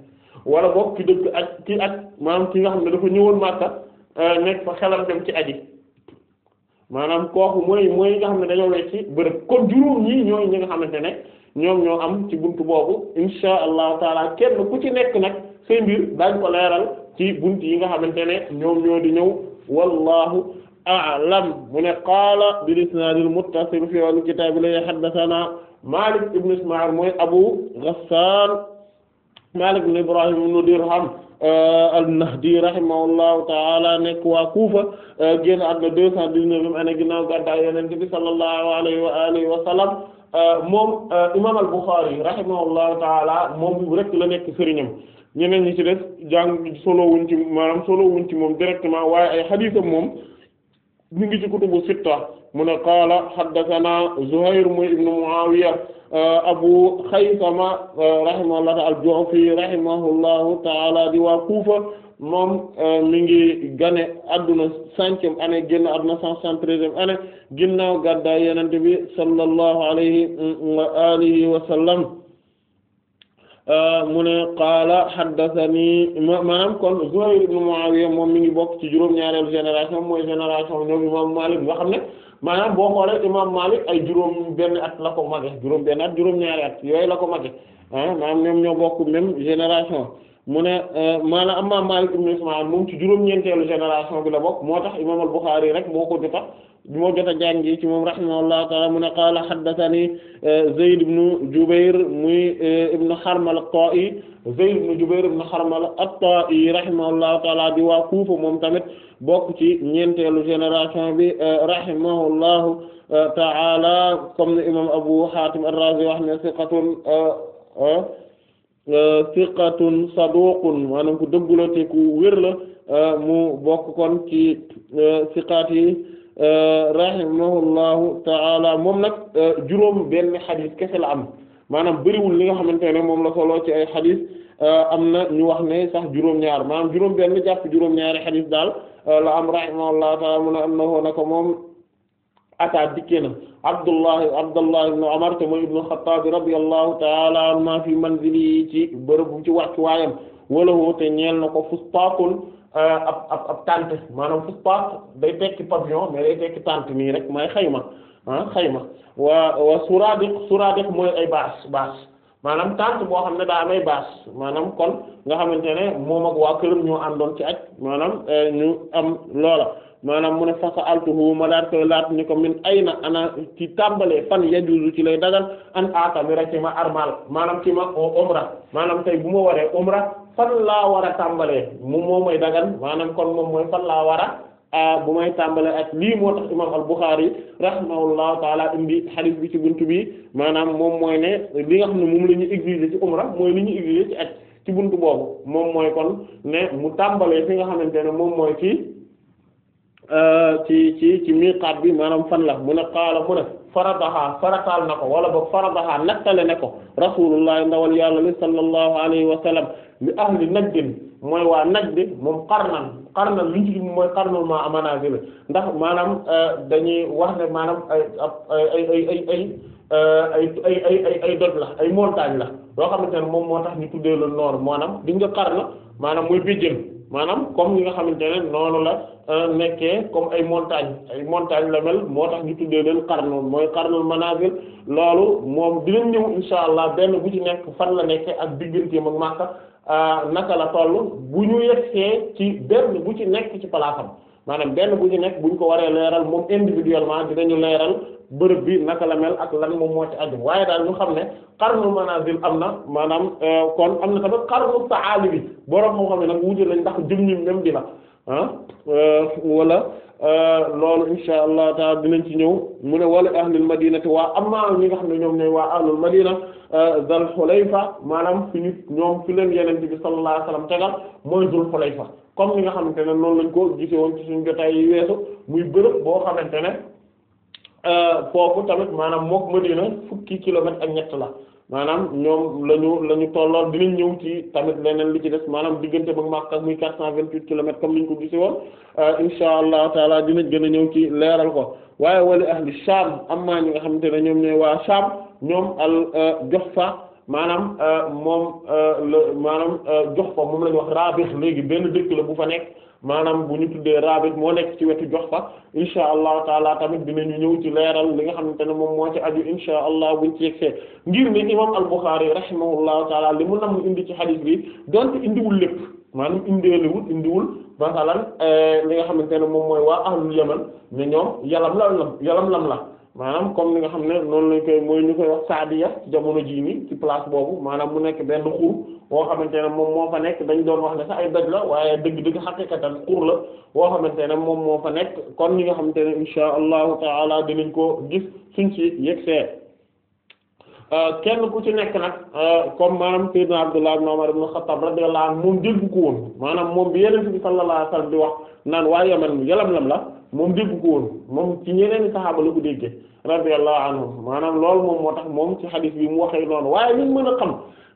wala boog ki dëkk ak ki aj maanaam ki nga xam ne dafa ñëwoon Makka euh, nekk fa xelam ci aji maanaam kooku mooy mooy nga xam dañoo wecc ci bërëb kon juróom ñii ñooy ñi nga xamante ne ñoom ñoo am ci buntu boobu insha allahu taala kenn ku ci nekk nag say mbir daañ ko leeral ci bunt yi nga xamante ne ñoom ñoo di ñëw wallahu a'lam mu ne qaala bil isnaadil muttasil fi al kitaab la haddathana Malik ibn Isma'il mooy Abu Ghassan Malik ibn Ibrahim ibn Dirham euh, an-Nahdi rahimahullahu ta'ala nekk waa Kufa euh, génn àdduna deux cent dix-neuvième année ginnaaw gàddaay Yonent bi sallallahu alayhi wa alihi wa sallam euh, moom imam al-Bukhari rahimahullahu ta'ala moom rek la nekk sëriñam ñeneen ñi ci def jàng solo wuñ ci moom directment waaye ay hadiisam moom ñu ngi ci kutubu sitta mu ne qaala haddathana Zuhair muy ibnu Muawiya eh, Abu Khaysama eh, rahimahullah al-Ju'fi rahimahullahu ta'ala di waa moom eh, mi ngi gane adduna cinquième année génn adduna cent soixante-treizième année ginnaaw gàddaay Yonent bi sallallahu alayhi wa alihi wa sallam mu ne qaala haddathani maanaam kon Zuhayr ibn Muawiya moom mi ngi bokk ci juróom-ñaareelu génération mooy génération ñoom imam Malik nga xam ne maanaam boo xoolee imam Malik ay juróom benn at la ko mage juróom benn at juróom-ñaari at yooyu la ko mage Ah maanaam ñoom ñoo bokk même génération mu ne euh, maanaam amma Maalik ibn Ismaïl moom ci juróom-ñeenteelu génération bi la bokk moo tax imaam al-Bukhari rek moo ko jota moo jota jàngi ci moom rahimahullahu ta'ala mu ne qaala haddathani euh, Zayd ibn Jubair muy euh, ibn Harmal at-Ta'i Zayd ibn Jubair ibn Harmal at-Ta'i rahimahullahu ta'ala di waa moom tamit bokk ci ñeenteelu génération bi rahimahullahu ta'ala comme ne imaam Abu Hatim ar-Razi wax ne siqatun siqatun ah, euh, saduqun maanaam ku dëggu la te ku wér la ah, mu bokk kon ci siqaat euh, yi euh, rahimahullahu taala moom nag juróom benn xadis kese la am maanaam bëriwul li nga xamante ne moom la solo ci ay xadis am na ñu wax ne sax juróom-ñaar maanaam juróom benn jàpp juróom-ñaari xadis daal la am rahimahullahu taala mun a am na ko moom ataa dikkee na Abdullah Abdullah ibn Umar te mooy ibnu Xattaab radiyallahu ta'ala anhumaa fi manzili ci bërëb ci wàccu waayam wala woo te na ko fustaaqun ab ab ab tànt maanaam fustaaq day tekki pavillon mais day tekki tànt nii rek mooy xayma ah, wa suraadiq suraadiq mooy ay baas baas maanaam tànt boo xam ne daa amay baas maanaam kon nga xamante ne moom ak waa këram ñoo àndoon ci aj maanaam eh, am loola maanaam mu ne fasa altuhu ma daat koy laat ni ko min ayna ana ci tàmbalee fan yajuzu ci lay dagal an atamira ci ma armal maanaam ci ma umra maanaam tey bu ma waree umra fan laa war a tàmbalee moom moo may dagal maanaam kon moom mooy fan laa war a bu may tàmbalee ak lii moo tax imam al-Bukhari rahimahullahu taala indi hadith bi ci bunt bi maanaam moom mooy ne li nga xam ne moom la ñu exiger ci umra mooy li ñu ci ak ci bunt boobu moom mooy kon ne mu tàmbalee fi nga xamante ne moom mooy ci Euh, ci ci ci miqaat bi maanaam fan la mu ne qaala mu ne faradaha farataal na ko wala ba faradaha nattale ne ko rasulullah ndawal yàlla li sallallahu alayhi wa sallam li ahli najdin mooy waa najd moom qarnan qarnan li ñu ci mooy qarnul ma manazil ndax maanaam euh, dañuy wax ne maanaam ay ay ay ay ay ay euh, ay ay la ay montagne la loo xamante ne moom moo tax ñu tuddee la noor maanaam di nga qarna maanaam mooy béjjën maanaam comme ñi nga xamante ne noonu la euh, nekkee comme ay montagne ay montagne la mel moo tax ngi tuddee leen xarnul mooy xarnul manazil loolu moom dinañ ñëw insha allah benn bu ci nekk fan la nekkee ak digganteem ak Makka euh, naka la toll bu ñu yegsee ci benn bu ci nekk ci palaasam maanaam benn bu ci nekk buñ ko waree leeral moom individuellement dinañu leeral bërëb bi naka la mel ak lan moom moo ci aju waaye daal ñu xam ne xarnu manazil am na maanaam euh, kon am na tamit xarnu taali bi borom moo xam ne nag wuute lañ ndax jëm ñi même bi la ah euh, wala euh, loolu ci ñëw mu ne wala ahlul madinati waa amma ñi nga xam ne ñoom ñooy waa ahlul madina zal xulayfa maanaam fi ñu ñoom fi leen yeneen bi sallallahu alayhi wasallam tegal comme li nga xamante ne noonu lañ ko gisee woon ci suñu jotaay yi weesu muy bërëb boo xamante ne euh, foofu tamit maanaam ma Madina fukki kilomètres ak ñett la maanaam ñoom la ñu la ñu tolloon dinañ ñëw ci tamit leneen li ci des maanaam diggante ba Makka muy quatre cent vingt-huit kilomètres comme ni ñu ko gisee woon euh, insha allah taala dinañ gën a ñëw ci leeral ko waaye wali ahli Sham am na ñi nga xamante ne ñoom ñooy waa Sham ñoom al Juhfa maanaam euh, moom euh, la maanaam euh, jox fa moom la ñu wax raabix léegi benn dëkk la bu fa nekk maanaam bu ñu tuddee raabix moo nekk ci wetu jox fa insha allahu taala tamit dinañu ñëw ci leeral li nga xamante ne moom moo ci aju insha allah buñ ci yegsee ngir ni imam al-Bukhari rahimahullahu taala li mu nam indi ci xadiis bi donte indiwul lépp maanaam indeeliwul indiwul masalan li nga xamante ne moom mooy waa ahlul yaman ne ñoom yalam lam la yalam lam la maanaam comme ni nga xam ne noonu lañ koy mooy ñu koy wax saadiya jamono jii nii ci place boobu maanaam mu nekk benn xur woo xamante ne moom moo fa nekk dañ doon wax ne sax ay doj la waaye dëgg-dëgg xaqiqatan xur la woo xamante ne moom moo fa nekk kon ñi nga xamante ne insha allahu taala dinañ ko gis suñ ci yegsee Euh, kenn ku ci nekk nag euh, comme maanaam sayyidna Abdullah ibn Umar ibn Khattab radiyallahu anhu moom dégg ko woon maanaam moom bi yeneen bi sallallahu alayhi wasallam di wax naan waa Yaman Yalamlam la moom dégg ko woon moom ci ñeneen saxaaba la ko déggee radiyallahu anhu maanaam loolu moom moo tax moom ci xadiis bi mu waxee noonu waaye ñu mën a xam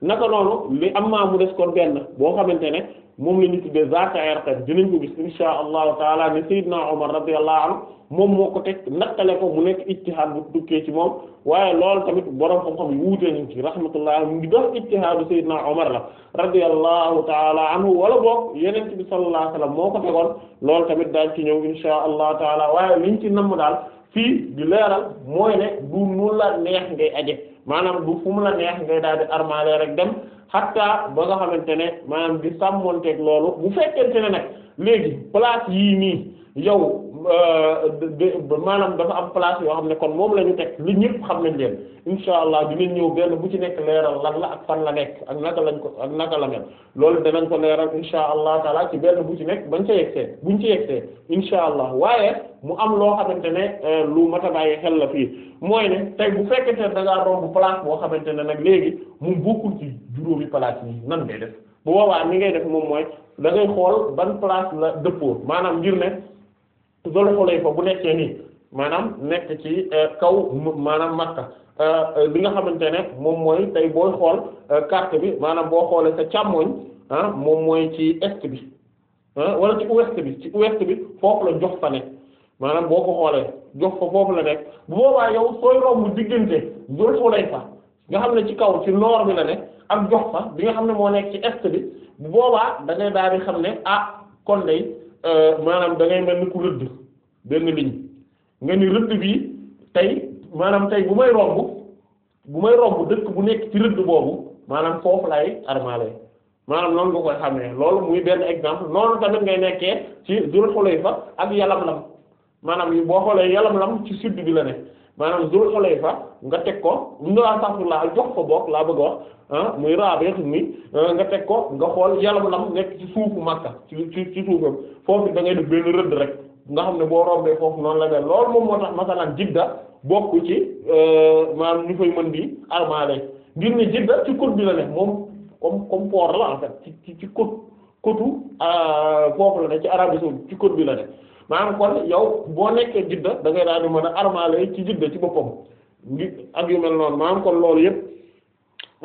naka noonu li am maa mu des kon benn boo xamante ne moom la ñu tuddee zaata irqan ko gis insha allahu taala ne Seydina Omar radiyallahu moom moo ko teg nattale ko mu nekk ijtihaad bu dukkee ci moom waaye loolu tamit borom xam-xam yi wuute nañ ci rahmatullah mu ngi dox ijtihaadu Seydina Omar la radiyallahu taala anhu wala boog yeneen bi sallallahu alayhi wasallam moo ko tegoon loolu tamit daal ci ñëw insha allahu taala waaye liñ ci namm daal fii di leeral mooy ne du nu ngay aje. maanaam du fu mu la neex ngay daal di armaale rek dem xatta ba nga xamante ne maanaam di sàmmonteeg loolu bu fekkente ne nag léegi place yii nii yow Euh, maanaam dafa am place yoo xam ne kon moom la ñu teg lu ñëpp xam ne leen insha allah dinañ ñëw benn bu ci nekk leeral lan la ak fan la nekk ak naka lañ ko ak naka la mel loolu danañ ko leeral insha allah taala ci benn bu ci nekk bañ ca yegsee buñ ci yegsee insha allah waaye mu am loo xamante ne euh, lu mat a xel la fii mooy ne tey bu fekkente ne da ngaa romb place boo xamante ne nag léegi mu bokkul ci juróomi place yi nan ngay def bu boobaa ni ngay def moom mooy da ngay ban place la dëppoo maanaam ngir ne. Zul Hulayfa bu nekkee nii maanaam nekk ci euh, kaw maanaam Makka euh, li nga xamante ne moom mooy tey booy xool euh, carte bi maanaam boo xoolee sa càmmoñ ah, moom mooy ci est bi ah, wala ci ouest bi ci ouest bi foofu la jox fa nekk maanaam boo ko xoolee jox fa foofu la nekk bu boobaa yow sooy romb diggante Zul fa nga xam ne ci kaw ci nord bi la ne ak jox fa bi nga xam ne moo nekk ci est bi bu boobaa da daal di xam ne ah kon day Euh, maanaam da ngay mel ni ku rëdd benn ligne nga ni rëdd bi tey maanaam tey bu may romb bu may romb dëkk bu nekk ci rëdd boobu maanaam foofu lay armaale maanaam noonu nga koy xamee loolu muy benn exemple noonu tamit ngay nekkee ci du Dul Xulayfa ak Yalamlam maanaam boo xoolee Yalamlam ci sud bi la ne maanaam Zul Xulayfa nga teg ko nga astaghfirullah jox ko bokk laa bëgg wax ah, muy Rabi'a mi ah, nga teg ko nga xool Yalamlam nekk ci suufu Makka ci ci ci suufam foofu da ngay benn rëdd rek nga xam ne boo rombee foofu noonu la mel loolu moom moo tax masalan Jidda bokk ci euh, maanaam ñu fay mën di armaale ngir ne Jidda ci côte bi la ne moom comme comme port la en fait ci ci ci côte côte euh, la ne ci Arabie saoudite ci côte bi la ne. maanaam kon yow boo nekkee jidda dangay ngay daal di mën a armaale ci jidda ci boppam ngi ak yu mel noonu maam kon loolu yëpp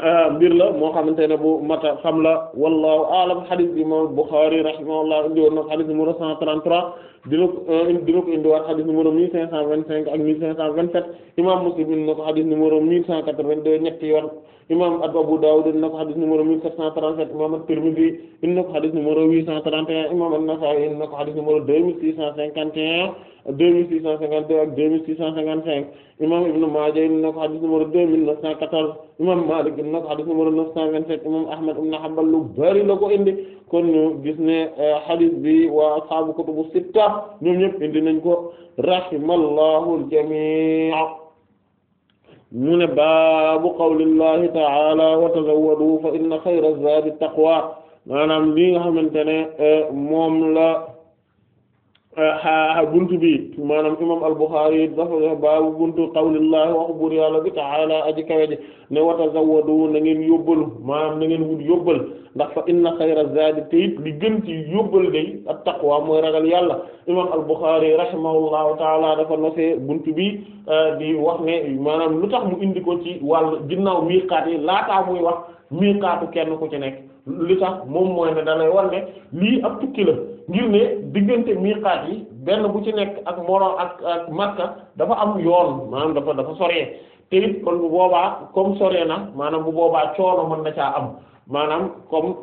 Euh, mbir la moo xamante ne bu mata xam la wallahu aalam xadis bi imam Bukhari rahimahullah indi woon na xadis numéro 133 dina ko euh, dina ko indiwaat xadis numéro 1525 ak 1527 imam Muslim indi na ko xadis numéro 1182 ñetti yoon imam Abu Dawud indi na ko xadis numéro 1737 imam At-Tirmidhi indi na ko xadis numéro 831 imam An-Nasa'i indi na ko xadis numéro 2651 2652 ak 2655 imam Ibn Maaja indi na ko xadis numéro 2914 imam Malik nag xadis numéro neuf cent vingt-sept imam Ahmad ibn Hanbal lu bari la ko indi kon ñu gis ne xadis euh, bi waa ashaabu kutubu sitta ñoom ñëpp indi nañ ko rahimallahu al-jamii' mu ne baabu qawlillahi ta'ala wa tazawwadu fa inna xayra zaadi taqwa maanaam li nga xamante ne euh, moom la Euh, buntu bi maanaam imam al-Bukhari dafa baabu buntu qawlillahi waxu buur yàlla bi ta'ala aji kawe ji ne wa tazawwadu na ngeen yóbbalu maanaam na ngeen wut yóbbal ndax fa inna xayra zaadi te it li gën ci yóbbal day at-taqwa mooy ragal yàlla imam al-Bukhari rahimahullahu ta'ala dafa nosee bunt bi euh, di wax ne maanaam lu tax mu indi ko ci wàll ginnaaw miiqaat yi laataa muy wax miiqaatu kenn ku ci nekk li tax moom mooy ne dalay war ne lii ab tukki la ngir ne diggante miqaat yi benn bu ci nekk ak moro ak ak Makka dafa am yoon maanaam dafa dafa soree te it kon bu boobaa comme sore na maanaam bu boobaa coono mën na caa am maanaam comme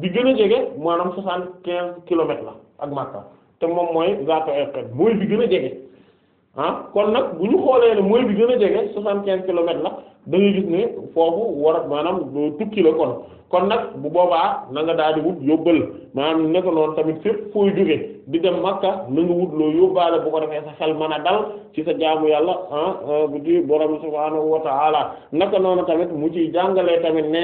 bi gën a jege maanaam soixante-quinze kilomètres la ak Makka te moom mooy Zaatu Irqiin mooy bi gën a jege ah kon nag bu ñu xoolee ne mooy bi gën a jege soixante-quinze kilomètres la da ngay gis ne foofu war maanaam tukki la kon kon nag bu boobaa na daal di wut yóbbal maanaam ne noonu tamit fépp fooy jóge di dem makka na nga wut loo yóbbaale bu ko defee sa xel mën a dal ci sa jaamu yàlla ah, ah bu di borom subhaanahu wa ta'ala naka tamit mu ciy jàngalee tamit ne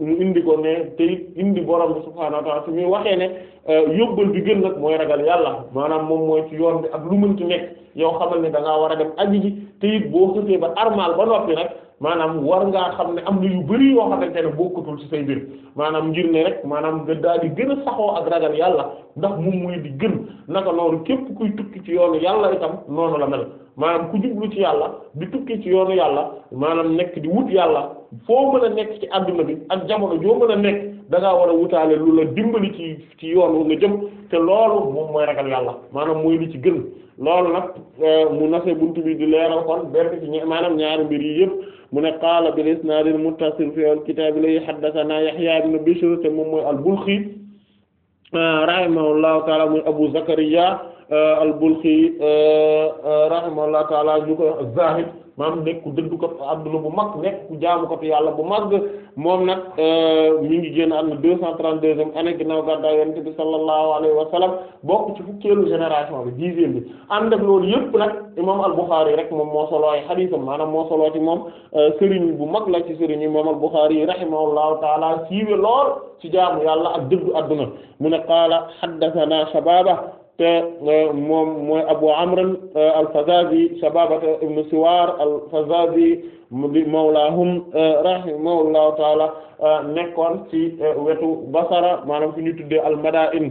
mu indi ko ne te indi borom subhaanahu wa ta'ala muy waxee ne euh, yóbbal bi gën nag mooy ragal yàlla maanaam moom mooy ci yoon bi ak lu mënti nekk yow xamal ne da war a dem aji te it boo xësee ba armal ba bi nag. maanaam war ngaa xam ne am na yu bari yoo xamante ne boo bokkatul ci say mbir maanaam ngir ne rek maanaam nga daal di gën a saxoo ak ragal yàlla ndax moom mooy di gën naka noonu képp kuy tukki ci yoonu yàlla itam noonu la mel maanaam ku jublu ci yàlla di tukki ci yoonu yàlla maanaam nekk di wut yàlla foo mën a nekk ci àdduna bi ak jamono joo mën a nekk dangaa war a wutaale lu la dimbali ci ci yoon nga jëm te loolu moom mooy ragal yàlla maanaam mooy li ci gën loolu nag euh, mu nase buntu bi di leeral kon benn ci maanaam ñaari mbir yi yëpp mu ne qaala bil isnaadil muttasil fi al kitaab li haddathana Yahya ibn Bishr te moom mooy al-Balkhi euh, rahimahullahu taala muy Abu Zakariya euh, al-Balkhi rahimahullahu taala ñu ko az-Zaahid maanaam nekk ku dëddu ko adduna bu mag nekk ku jaamukatu yàlla bu mag moom nag euh, mi ngi génn àdduna deux cent trente-deuxième année ginnaaw gàddaay yonent bi sallallahu alayhi wa sallam bokk ci fukkeelu génération bi dixième bi ànd ak loolu yëpp nag imam al-Bukhari rek moom moo solo ay xadiisam maanaam moo solo ci moom euh, sëriñ bu mag la ci sëriñ imam al-Bukhari rahimahullahu taala siiwe lool ci jaamu yàlla ak dëddu àdduna mu ne qaala haddathana Shababa te e, moom mooy abu amr e, al-fazazi shababata ibn siwar al-fazazi di mawlahum e, rahimahullahu taala nekkoon ci wetu basara maanaam fi ñu tuddee al-madain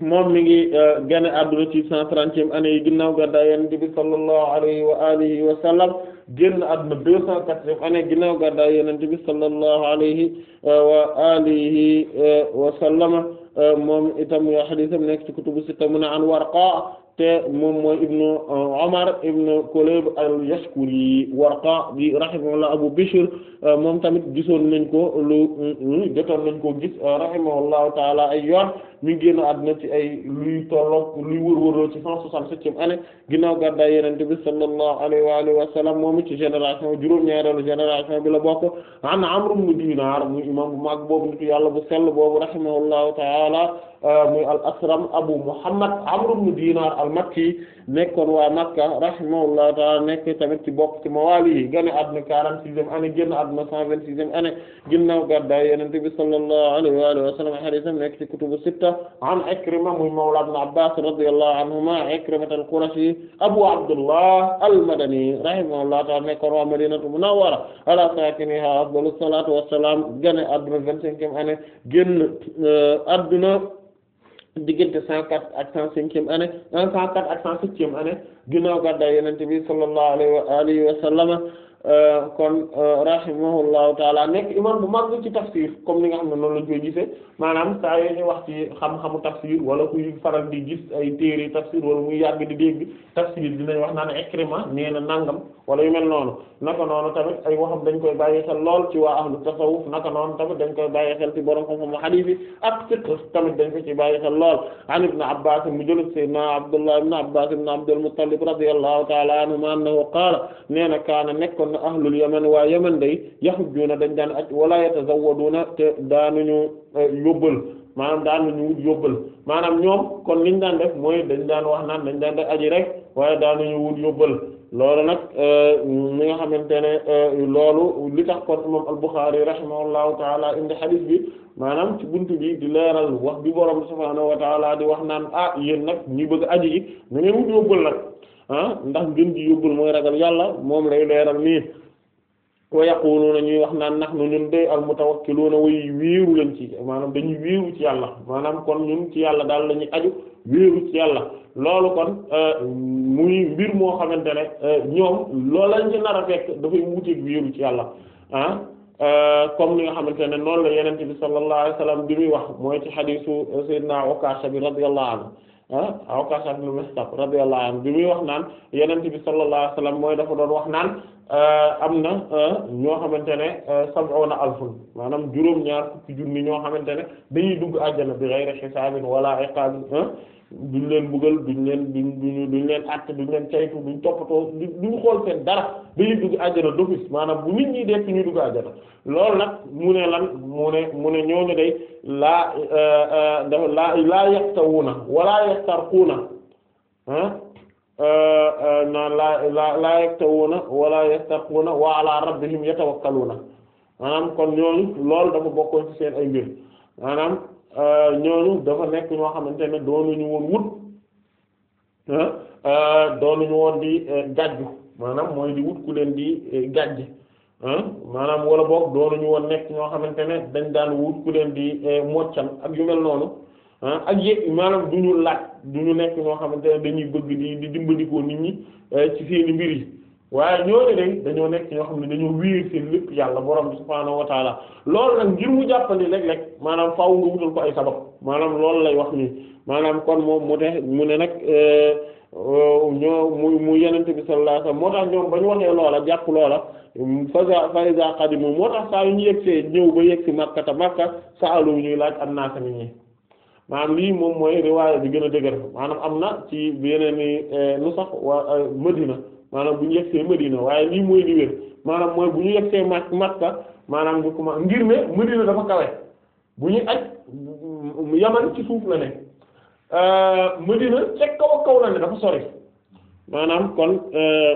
moom mi ngi génn àdduna ci cent trentième année yi ginnaaw gàddaay di bi sallallahu alayhi wa alihi génn àdduna deux cent quatrième année ginnaaw gàddaay yonent bi sallallahu alayhi euh, wa alihi euh, wa sallama euh, moom itam yoo xadiisam nekk ci kutubu sitta mu ne an Warqa te moom mooy ibnu Umar ibnu Kulayb al Warqa bi rahimahullah Abu Bishr moom tamit gisoon nañ ko lu jotoon nañ ko gis rahimahullahu taala ay mi ngi génn àdduna ci ay luy tolloog luy wër-wëroo ci cent soixante-septième année ginnaaw gàddaay yonent bi sallallahu alayhi wa alihi wa sallam moom ci génération juróom-ñaareelu génération bi la bokk an Amr ibn Dinar muy imam bu mag boobu nitu yàlla bu sell boobu rahimahullahu ta'ala euh, muy al asram abu muhammad Amr ibn Dinar al makki nekkoon waa Makka rahimahullahu ta'ala nekk tamit ci bokk ci mawaali yi gane àdduna quarante-sixième année génn àdduna cent vingt-sixième année ginnaaw gàddaay yonent bi sallallahu alayhi wa alihi wa sallam hadith nekk ci kutubu sitta an Ikrima muy mawla ibn Abbas radiyallahu anhuma Ikrima al-Qurashi Abu Abdullah al-Madani rahimahullahu ta'ala nekkoon waa Madinatu Munawwara ala sakiniha afdalu salatu wassalam gane adduna vingt-cinquième année génn adduna euh, diggante cent quatre ak cent cinquième année cent quatre ak cent septième année ginnaaw gàddaay Yonent bi sallallahu alayhi wa alihi wa sallama Euh, kon euh, rahimahullahu taala nekk imam bu mag ci tafsir comme ni nga xam ne noonu lañ koy gisee maanaam saa yoo wax ci xam-xamu tafsir wala kuy faral di gis ay téere tafsir wala muy yàgg di dégg tafsir dinañ wax naan Ikrima nee na nangam wala yu mel noonu naka noonu tamit ay waxam dañ koy bàyyi xel lool ci waa ahlu tasawuf naka noonu tamit dañ koy bàyyi xel ci borom xam-xamu hadith yi ak fiqh tamit dañ ko ci bàyyi xel lool an ibn mu jël sayyidina Abdullah ibn Abbas ibn Abdul Muttalib radiyallahu taala anhuma annahu qaala nee na kaana nekkoon na ahlul yaman waa yaman day yahujuna dañ daan aj wala yatazawwaduna te daanuñu eh, yóbbal maanaam daanuñu wut yóbbal maanaam ñoom kon liñ daan def mooy dañ daan wax naan dañ daan def aji rek waaye daanuñu wut yóbbal loolu nag eh, ñi nga xamante ne eh, loolu li tax kon imam al-Bukhari rahimahullahu taala indi hadith bi maanaam ci buntu bi di leeral wax bi borom subhaanahu wa taala di wax naan ah yéen nag ñi bëgg aji yi na ngeen wut yóbbal nag Ah, ndax gën gi yóbbul mooy ragal yàlla moom lay leeral nii wa yaquluuna ñuy wax naan nahnu ñun de al mutawakkiluuna way wéeru lañ ci maanaam dañuy wéeru ci yàlla maanaam kon ñun ci yàlla daal la ñuy aju wéeru ci yàlla loolu kon euh, muy mbir moo xamante ne euh, ñoom lool lañ ci nar a fekk dafay wuuteeg wéeru ci yàlla ah euh, comme ni nga xamante ne noonu la yenente bi sallallahu alayhi wasallam bi muy wax mooy ci xadiisu sayyidina Ukaasha bi radiyallahu anhu ah Awkash ibn Mistah radiyallahu anhu bi muy wax naan yonent bi sallallahu alayhi wa mooy dafa doon wax naan euh, am na euh, ñoo xamante ne euh, sab'una alfun maanaam juróom-ñaar fukki junni ñoo xamante ne ñuy dugg àjjana bi ghayri hisaabin wala iqaabin duñ leen bugal duñ leen duñ duñ leen att duñ leen caytu duñ toppatoo duñ xool seen dara dañuy dugg àjjana d'office maanaam bu nit ñi def ñuy dugg àjjana loolu nag mu ne lan mu ne mu ne ñooñu day laa euh, euh, dafa laa laa yaxtawuna walaa yaxtarquuna ah euh, na laa laa laa yaxtawuna walaa yaxtarquuna wa ala rabbihim yatawakkaluuna maanaam kon ñooñu loolu dafa bokkoon ci seen ay mbir maanaam Euh, ñooñu dafa nekk ñoo xamante ne doonuñu woon wut euh, doonuñu woon di euh, gàjju maanaam mooy di wut ku leen di gàjj maanaam wala boog doonuñu woon nekk ñoo xamante ne dañ daan wut ku leen di moccal ak yu mel noonu ak yëpp maanaam du ñu laaj du ñu nekk ñoo xamante ne dañuy bëgg di di dimbali nit ñi ci seeni mbir yi. waaye ñooñu léegi dañoo nekk yoo xam ne dañoo wéer seen lépp yàlla borom bi subhaanahu wa lool loolu nag ngir mu jàppale léeg-léeg maanaam faaw nga wutal ko ay sabab maanaam lool lay wax nii maanaam kon moom mu ne mu ne nag euh, ñoo mu mu yenente bi sallallahu alayhi wasallam moo tax ñoom ba ñu waxee loola jàpp loola faza fa iza qadimu moo tax saa yu ñu yegsee ñëw ba yegsi màkkata sa saalu ñuy laaj am naa tamit ñi maanaam lii moom mooy riwaaya bi gën a dëgër maanaam am na ci yeneen ni euh, nu sax waa euh, madina maanaam bu ñu yegsee Madina waaye lii mooy li wér maanaam mooy bu ñu yegsee mak Makka maanaam ñu commencé ngir ne Madina dafa kawe bu ñu aj Yaman ci suuf la ne euh, Madina ca kaw a kaw la ne dafa sori maanaam kon euh,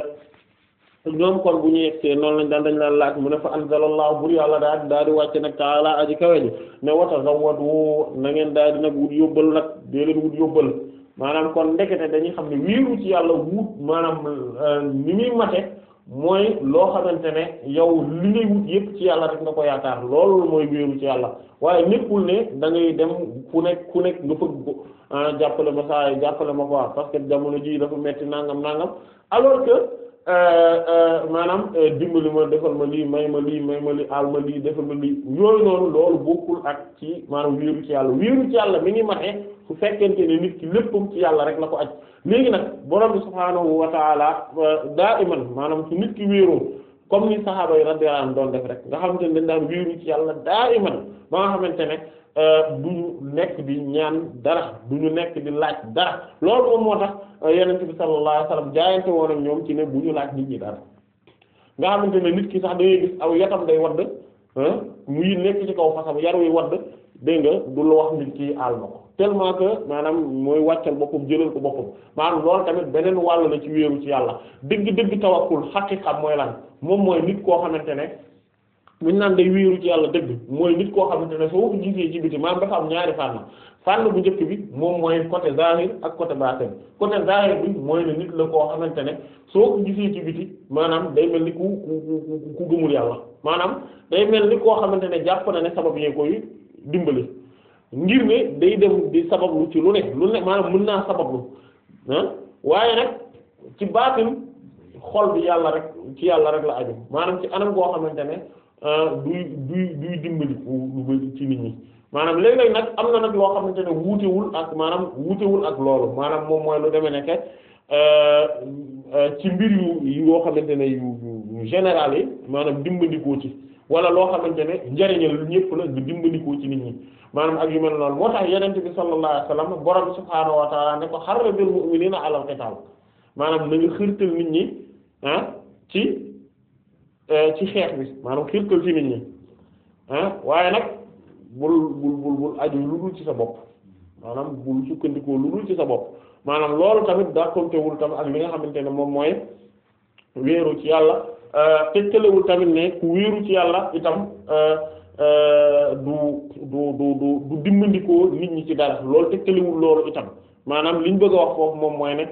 ñoom kon bu ñu yegsee noonu lañ daan dañ laan laaj mu ne fa anzalallahu bur yàlla daal daal di wàcc nag taala aji kawe ji ne wata zawwadu na ngeen daal di nag wut yóbbal nag dee leen wut yóbbal maanaam kon ndekete dañuy xam ne wéeru ci yàlla wut maanaam euh, ni muy mate mooy loo xamante ne yow li ngay wut yëpp ci yàlla rek nga ko yaakaar loolu mooy wéeru ci yàlla waaye nekkul ne da ngay dem ku nekk ku nekk nga fëgg ko ah, jàppale ma saa jàppale ma ko parce que jamono ji dafa metti nangam nangam alors que Euh, euh, maanaam euh, dimbali ma defal ma lii may ma lii may ma lii aal ma lii defal ma lii yooyu noonu loolu bokkul ak ci maanaam wéeru ci yàlla wéeru ci yàlla mi ngi matee su fekkente ne nit ki léppam ci yàlla rek la ko aj léegi nag borom bi subhaanahu wa taala daa iman maanaam su nit ki wéeroo comme ni sahaaba yi radiyallahu doon def rek nga xamante ni dañ daan ci yàlla daa iman ba nga xamante ne du euh, ñu nekk di ñaan dara du ñu nekk di laaj dara loolu moom moo tax euh, yonent bi sallallahu alayhi wasallam jaayante woon ak ñoom ci ne bu ñu laaj nit ñi dara nga xamante ne nit ki sax dangay gis aw yatam day wadd muy nekk ci kaw fasam yar wi wadd dégg nga du la wax nit ki àll ko tellement que maanaam mooy wàccal boppam jëlal ko boppam maanaam lool tamit beneen wàll la ci wéeru ci yàlla dëgg dëgg tawakkul xaqiqa mooy lan moom mooy nit koo xamante ne buñ naan day wéeru ci yàlla dëgg mooy nit koo xamante ne soo ko gisee ci biti maanaam dafa am ñaari fànn fànn bu njëkk bi moom mooy coté zahir ak coté batin côté zahir bi mooy ne nit la koo xamante ne soo ko gisee ci biti maanaam day mel ni ku ku ku gëmul yàlla maanaam day mel ni koo xamante ne jàpp na ne sabab yee koy dimbali ngir ne day dem di sabablu ci lu ne lu ne maanaam mën naa sabablu ah, waaye nag ci baatin xol bi yàlla rek ci yàlla rek la maanaam ci anam goo xamante ne Euh, duy duy duy dimbali lu bëri ci nit ñi maanaam léeg-léeg nag am na nag loo xamante ne wuutewul ak maanaam wuutewul ak loolu maanaam moom mooy lu demee nekk euh, euh, ci mbir yu yoo xamante ne yu yu général yi maanaam dimbandikoo ci wala loo xamante ne njariñal la nga dimbandikoo ci nit ñi maanaam ak yu mel noonu moo tax yonent bi sallallahu alayhi wasallam borom subhaanahu wa ta'ala ne ko xarribil mu'minina ala al-qital maanaam na xërtal nit ñi ah ci. Euh, ci xeex bi maanaam xiirtal ci nit ñi ah waaye nag bul bul bul aju lu dul ci sa bopp maanaam bul sukkandikoo lu dul ci sa bopp maanaam loolu tamit daa kontewul tamit ak li nga xamante ne moom mooy wéeru ci yàlla euh, tegtalewul tamit ne ku ci yàlla itam euh, du du du du du dimbandikoo nit ñi ci dara loolu tegtalewul loolu itam maanaam liñ bëgg a wax foofu moom mooy ne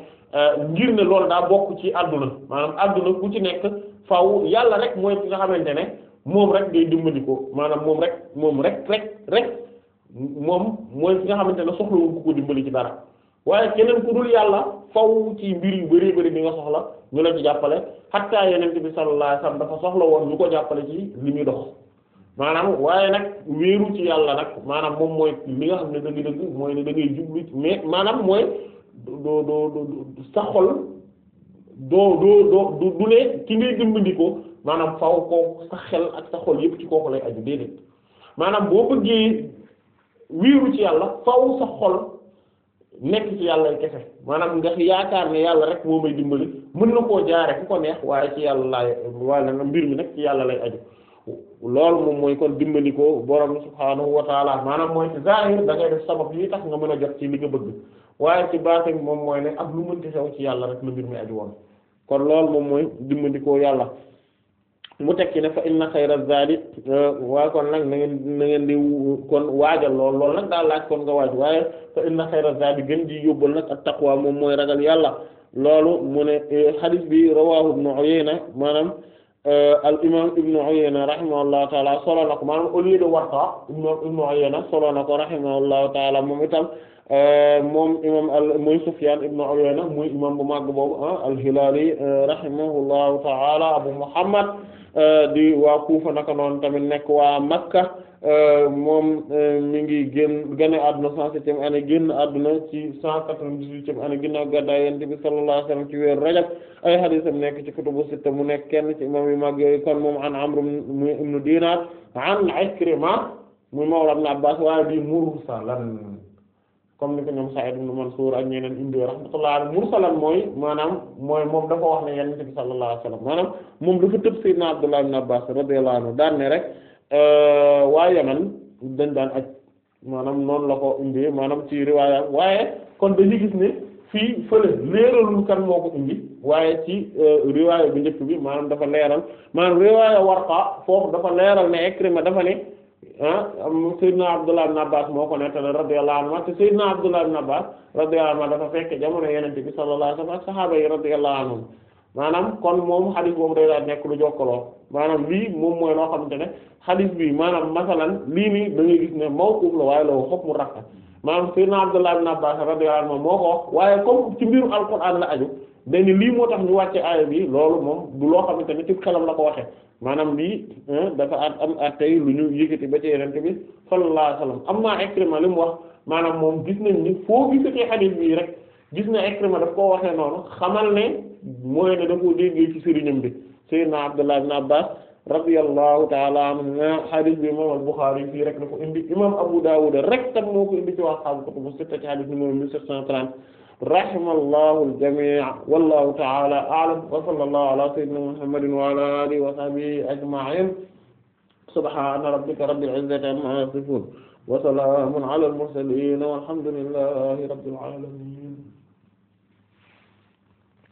ngir ne lool daa bokk ci àdduna maanaam àdduna ku ci nekk faaw yàlla rek mooy ki nga xamante ne moom rek ngay dimbali ko maanaam moom rek moom rek rek rek moom mooy ki nga xamante ne soxlawul ku ko dimbali ci dara waaye keneen ku dul yàlla faaw ci mbir yu bari bari bi nga soxla ñu la ci jàppale xattaa yonent bi sallallahu alayhi wasallam dafa soxla woon ñu ko jàppale ci li muy dox maanaam waaye nag wéeru ci yàlla nag maanaam moom mooy li nga xam ne dëgg-dëgg mooy ne da ngay mais maanaam mooy doo doo doo sa xol doo doo doo du ne ki ngay dimbali ko maanaam faw ko xel ak sa xol yépp ci kooku lay aju déedéet maanaam boo bëggee wiiru ci yàlla faw sa xol nekk ci yàlla kese maanaam nga yaakaar ne yàlla rek moo may dimbali mën na koo jaare ku ko neex waaye ci yàlla laay waaye nag mbir mi nag ci yàlla lay aju loolu moom mooy kon dimbali ko borom subhaanahu wa maanaam mooy ci zahir da ngay def sabab yi tax nga mën a jot ci li nga bëgg waaye ci baatin moom mooy ne ak lu mënti xew ci yàlla rek la mbir mi aju woon kon lool moom mooy dimbandikoo yàlla mu tekki ne fa inna xayra zaadi waaye kon nag na ngeen na ngeen di kon waajal lool loolu nag daal laaj kon nga waaj waaye fa inna xayra zaadi gën di yóbbal nag ak taqwa moom mooy ragal yàlla loolu mu ne eh, xadis bi rawahu ibnu Uyayna maanaam eh, al imam ibnu Uyayna rahimahullahu taala solo na ko maanaam au lieu de ibnu Uyayna solo na ko Euh, moom imam al muy Sufyan ibn Uyayna muy imam bu màgg boobu ah, al-Hilali euh, rahimahullahu ta'ala Abu Muhammad euh, di waa Kufa naka noonu tamit nekk waa Makka moom mi ngi génn gane àdduna cent septième année génn àdduna ci cent quatre-vingt-dix-huitième année ginnaaw gàddaay Yonent bi sallallahu alayhi wa sallam ci weeru Rajab ay hadiisam nekk ci kutubu sitta mu nekk kenn ci imam yu màgg yooyu kon moom an Amr ibn Dinar an Ikrima muy mawla Ibn Abbas waaye di mursalan comme ni ko ñoom Sa'id ibn Mansur ak ñeneen indi rahmatullah mursalan mooy maanaam mooy moom dafa wax ne yonent bi sallallahu alayhi wasallam maanaam moom dafa tëb Seydina Abdullah ibn Abbas radiyallahu anhu daan ne rek euh, waa Yaman dañ daan aj maanaam noonu la ko indi maanaam ci riwaaya waaye kon dañu gis ne fii fële leeralul kan moo ko indi waaye ci euh, riwaaya bu njëkk bi maanaam dafa leeral maanaam riwaaya Warqa foofu dafa leeral ne Ikrima dafa ne Ah, Seydina Abdullah na Abbas moo ko nettali radiyallahu anhu te Seydina Abdullah ibn Abbas radiyallahu anhu dafa fekk jamono Yonent bi sallallahu alayhi wa sallam saxaaba yi radiyallahu anhum maanaam kon moom xadis boobu day daal nekk lu jokkaloo maanaam lii moom mooy loo xamante ne xadis bi maanaam masalan lii nii da ngay gis ne mawquf la waaye la xop mu rafa maanaam Seydina Abdullah ibn Abbas radiyallahu anhu moo ko wax waaye comme ci mbirum alquran la aju dañu lii moo tax ñu wàcce aaya bi loolu moom du loo xamante ne ci xelam la ko waxee maanaam lii dafa at am at tey lu ñu yëkkati ba ci yeneen bi sallallahu alayhi wasallam amma Ikrima li mu wax maanaam moom gis nañ ni foo gisatee hadith bii rek gis na Ikrima daf koo waxee noonu xamal ne mooy ne da koo déggee ci sëriñam bi Seydina Abdullah ibn Abbas radiyallahu ta'ala anhu hadith bi imam al-Bukhari fii rek la ko indi imam Abu Dawud rek tam moo ko indi ci ashaabu kutubu sitta ci hadith numéro 1730 rahimallahu al-jami' wallahu ta'ala a'lam wa sallallahu ala sayyidina Muhammadin wa ala alihi wa sahbihi ajma'in subhana rabbika rabbil izzati amma yasifun wa salamun ala al-mursalin walhamdulillahi rabbil alamin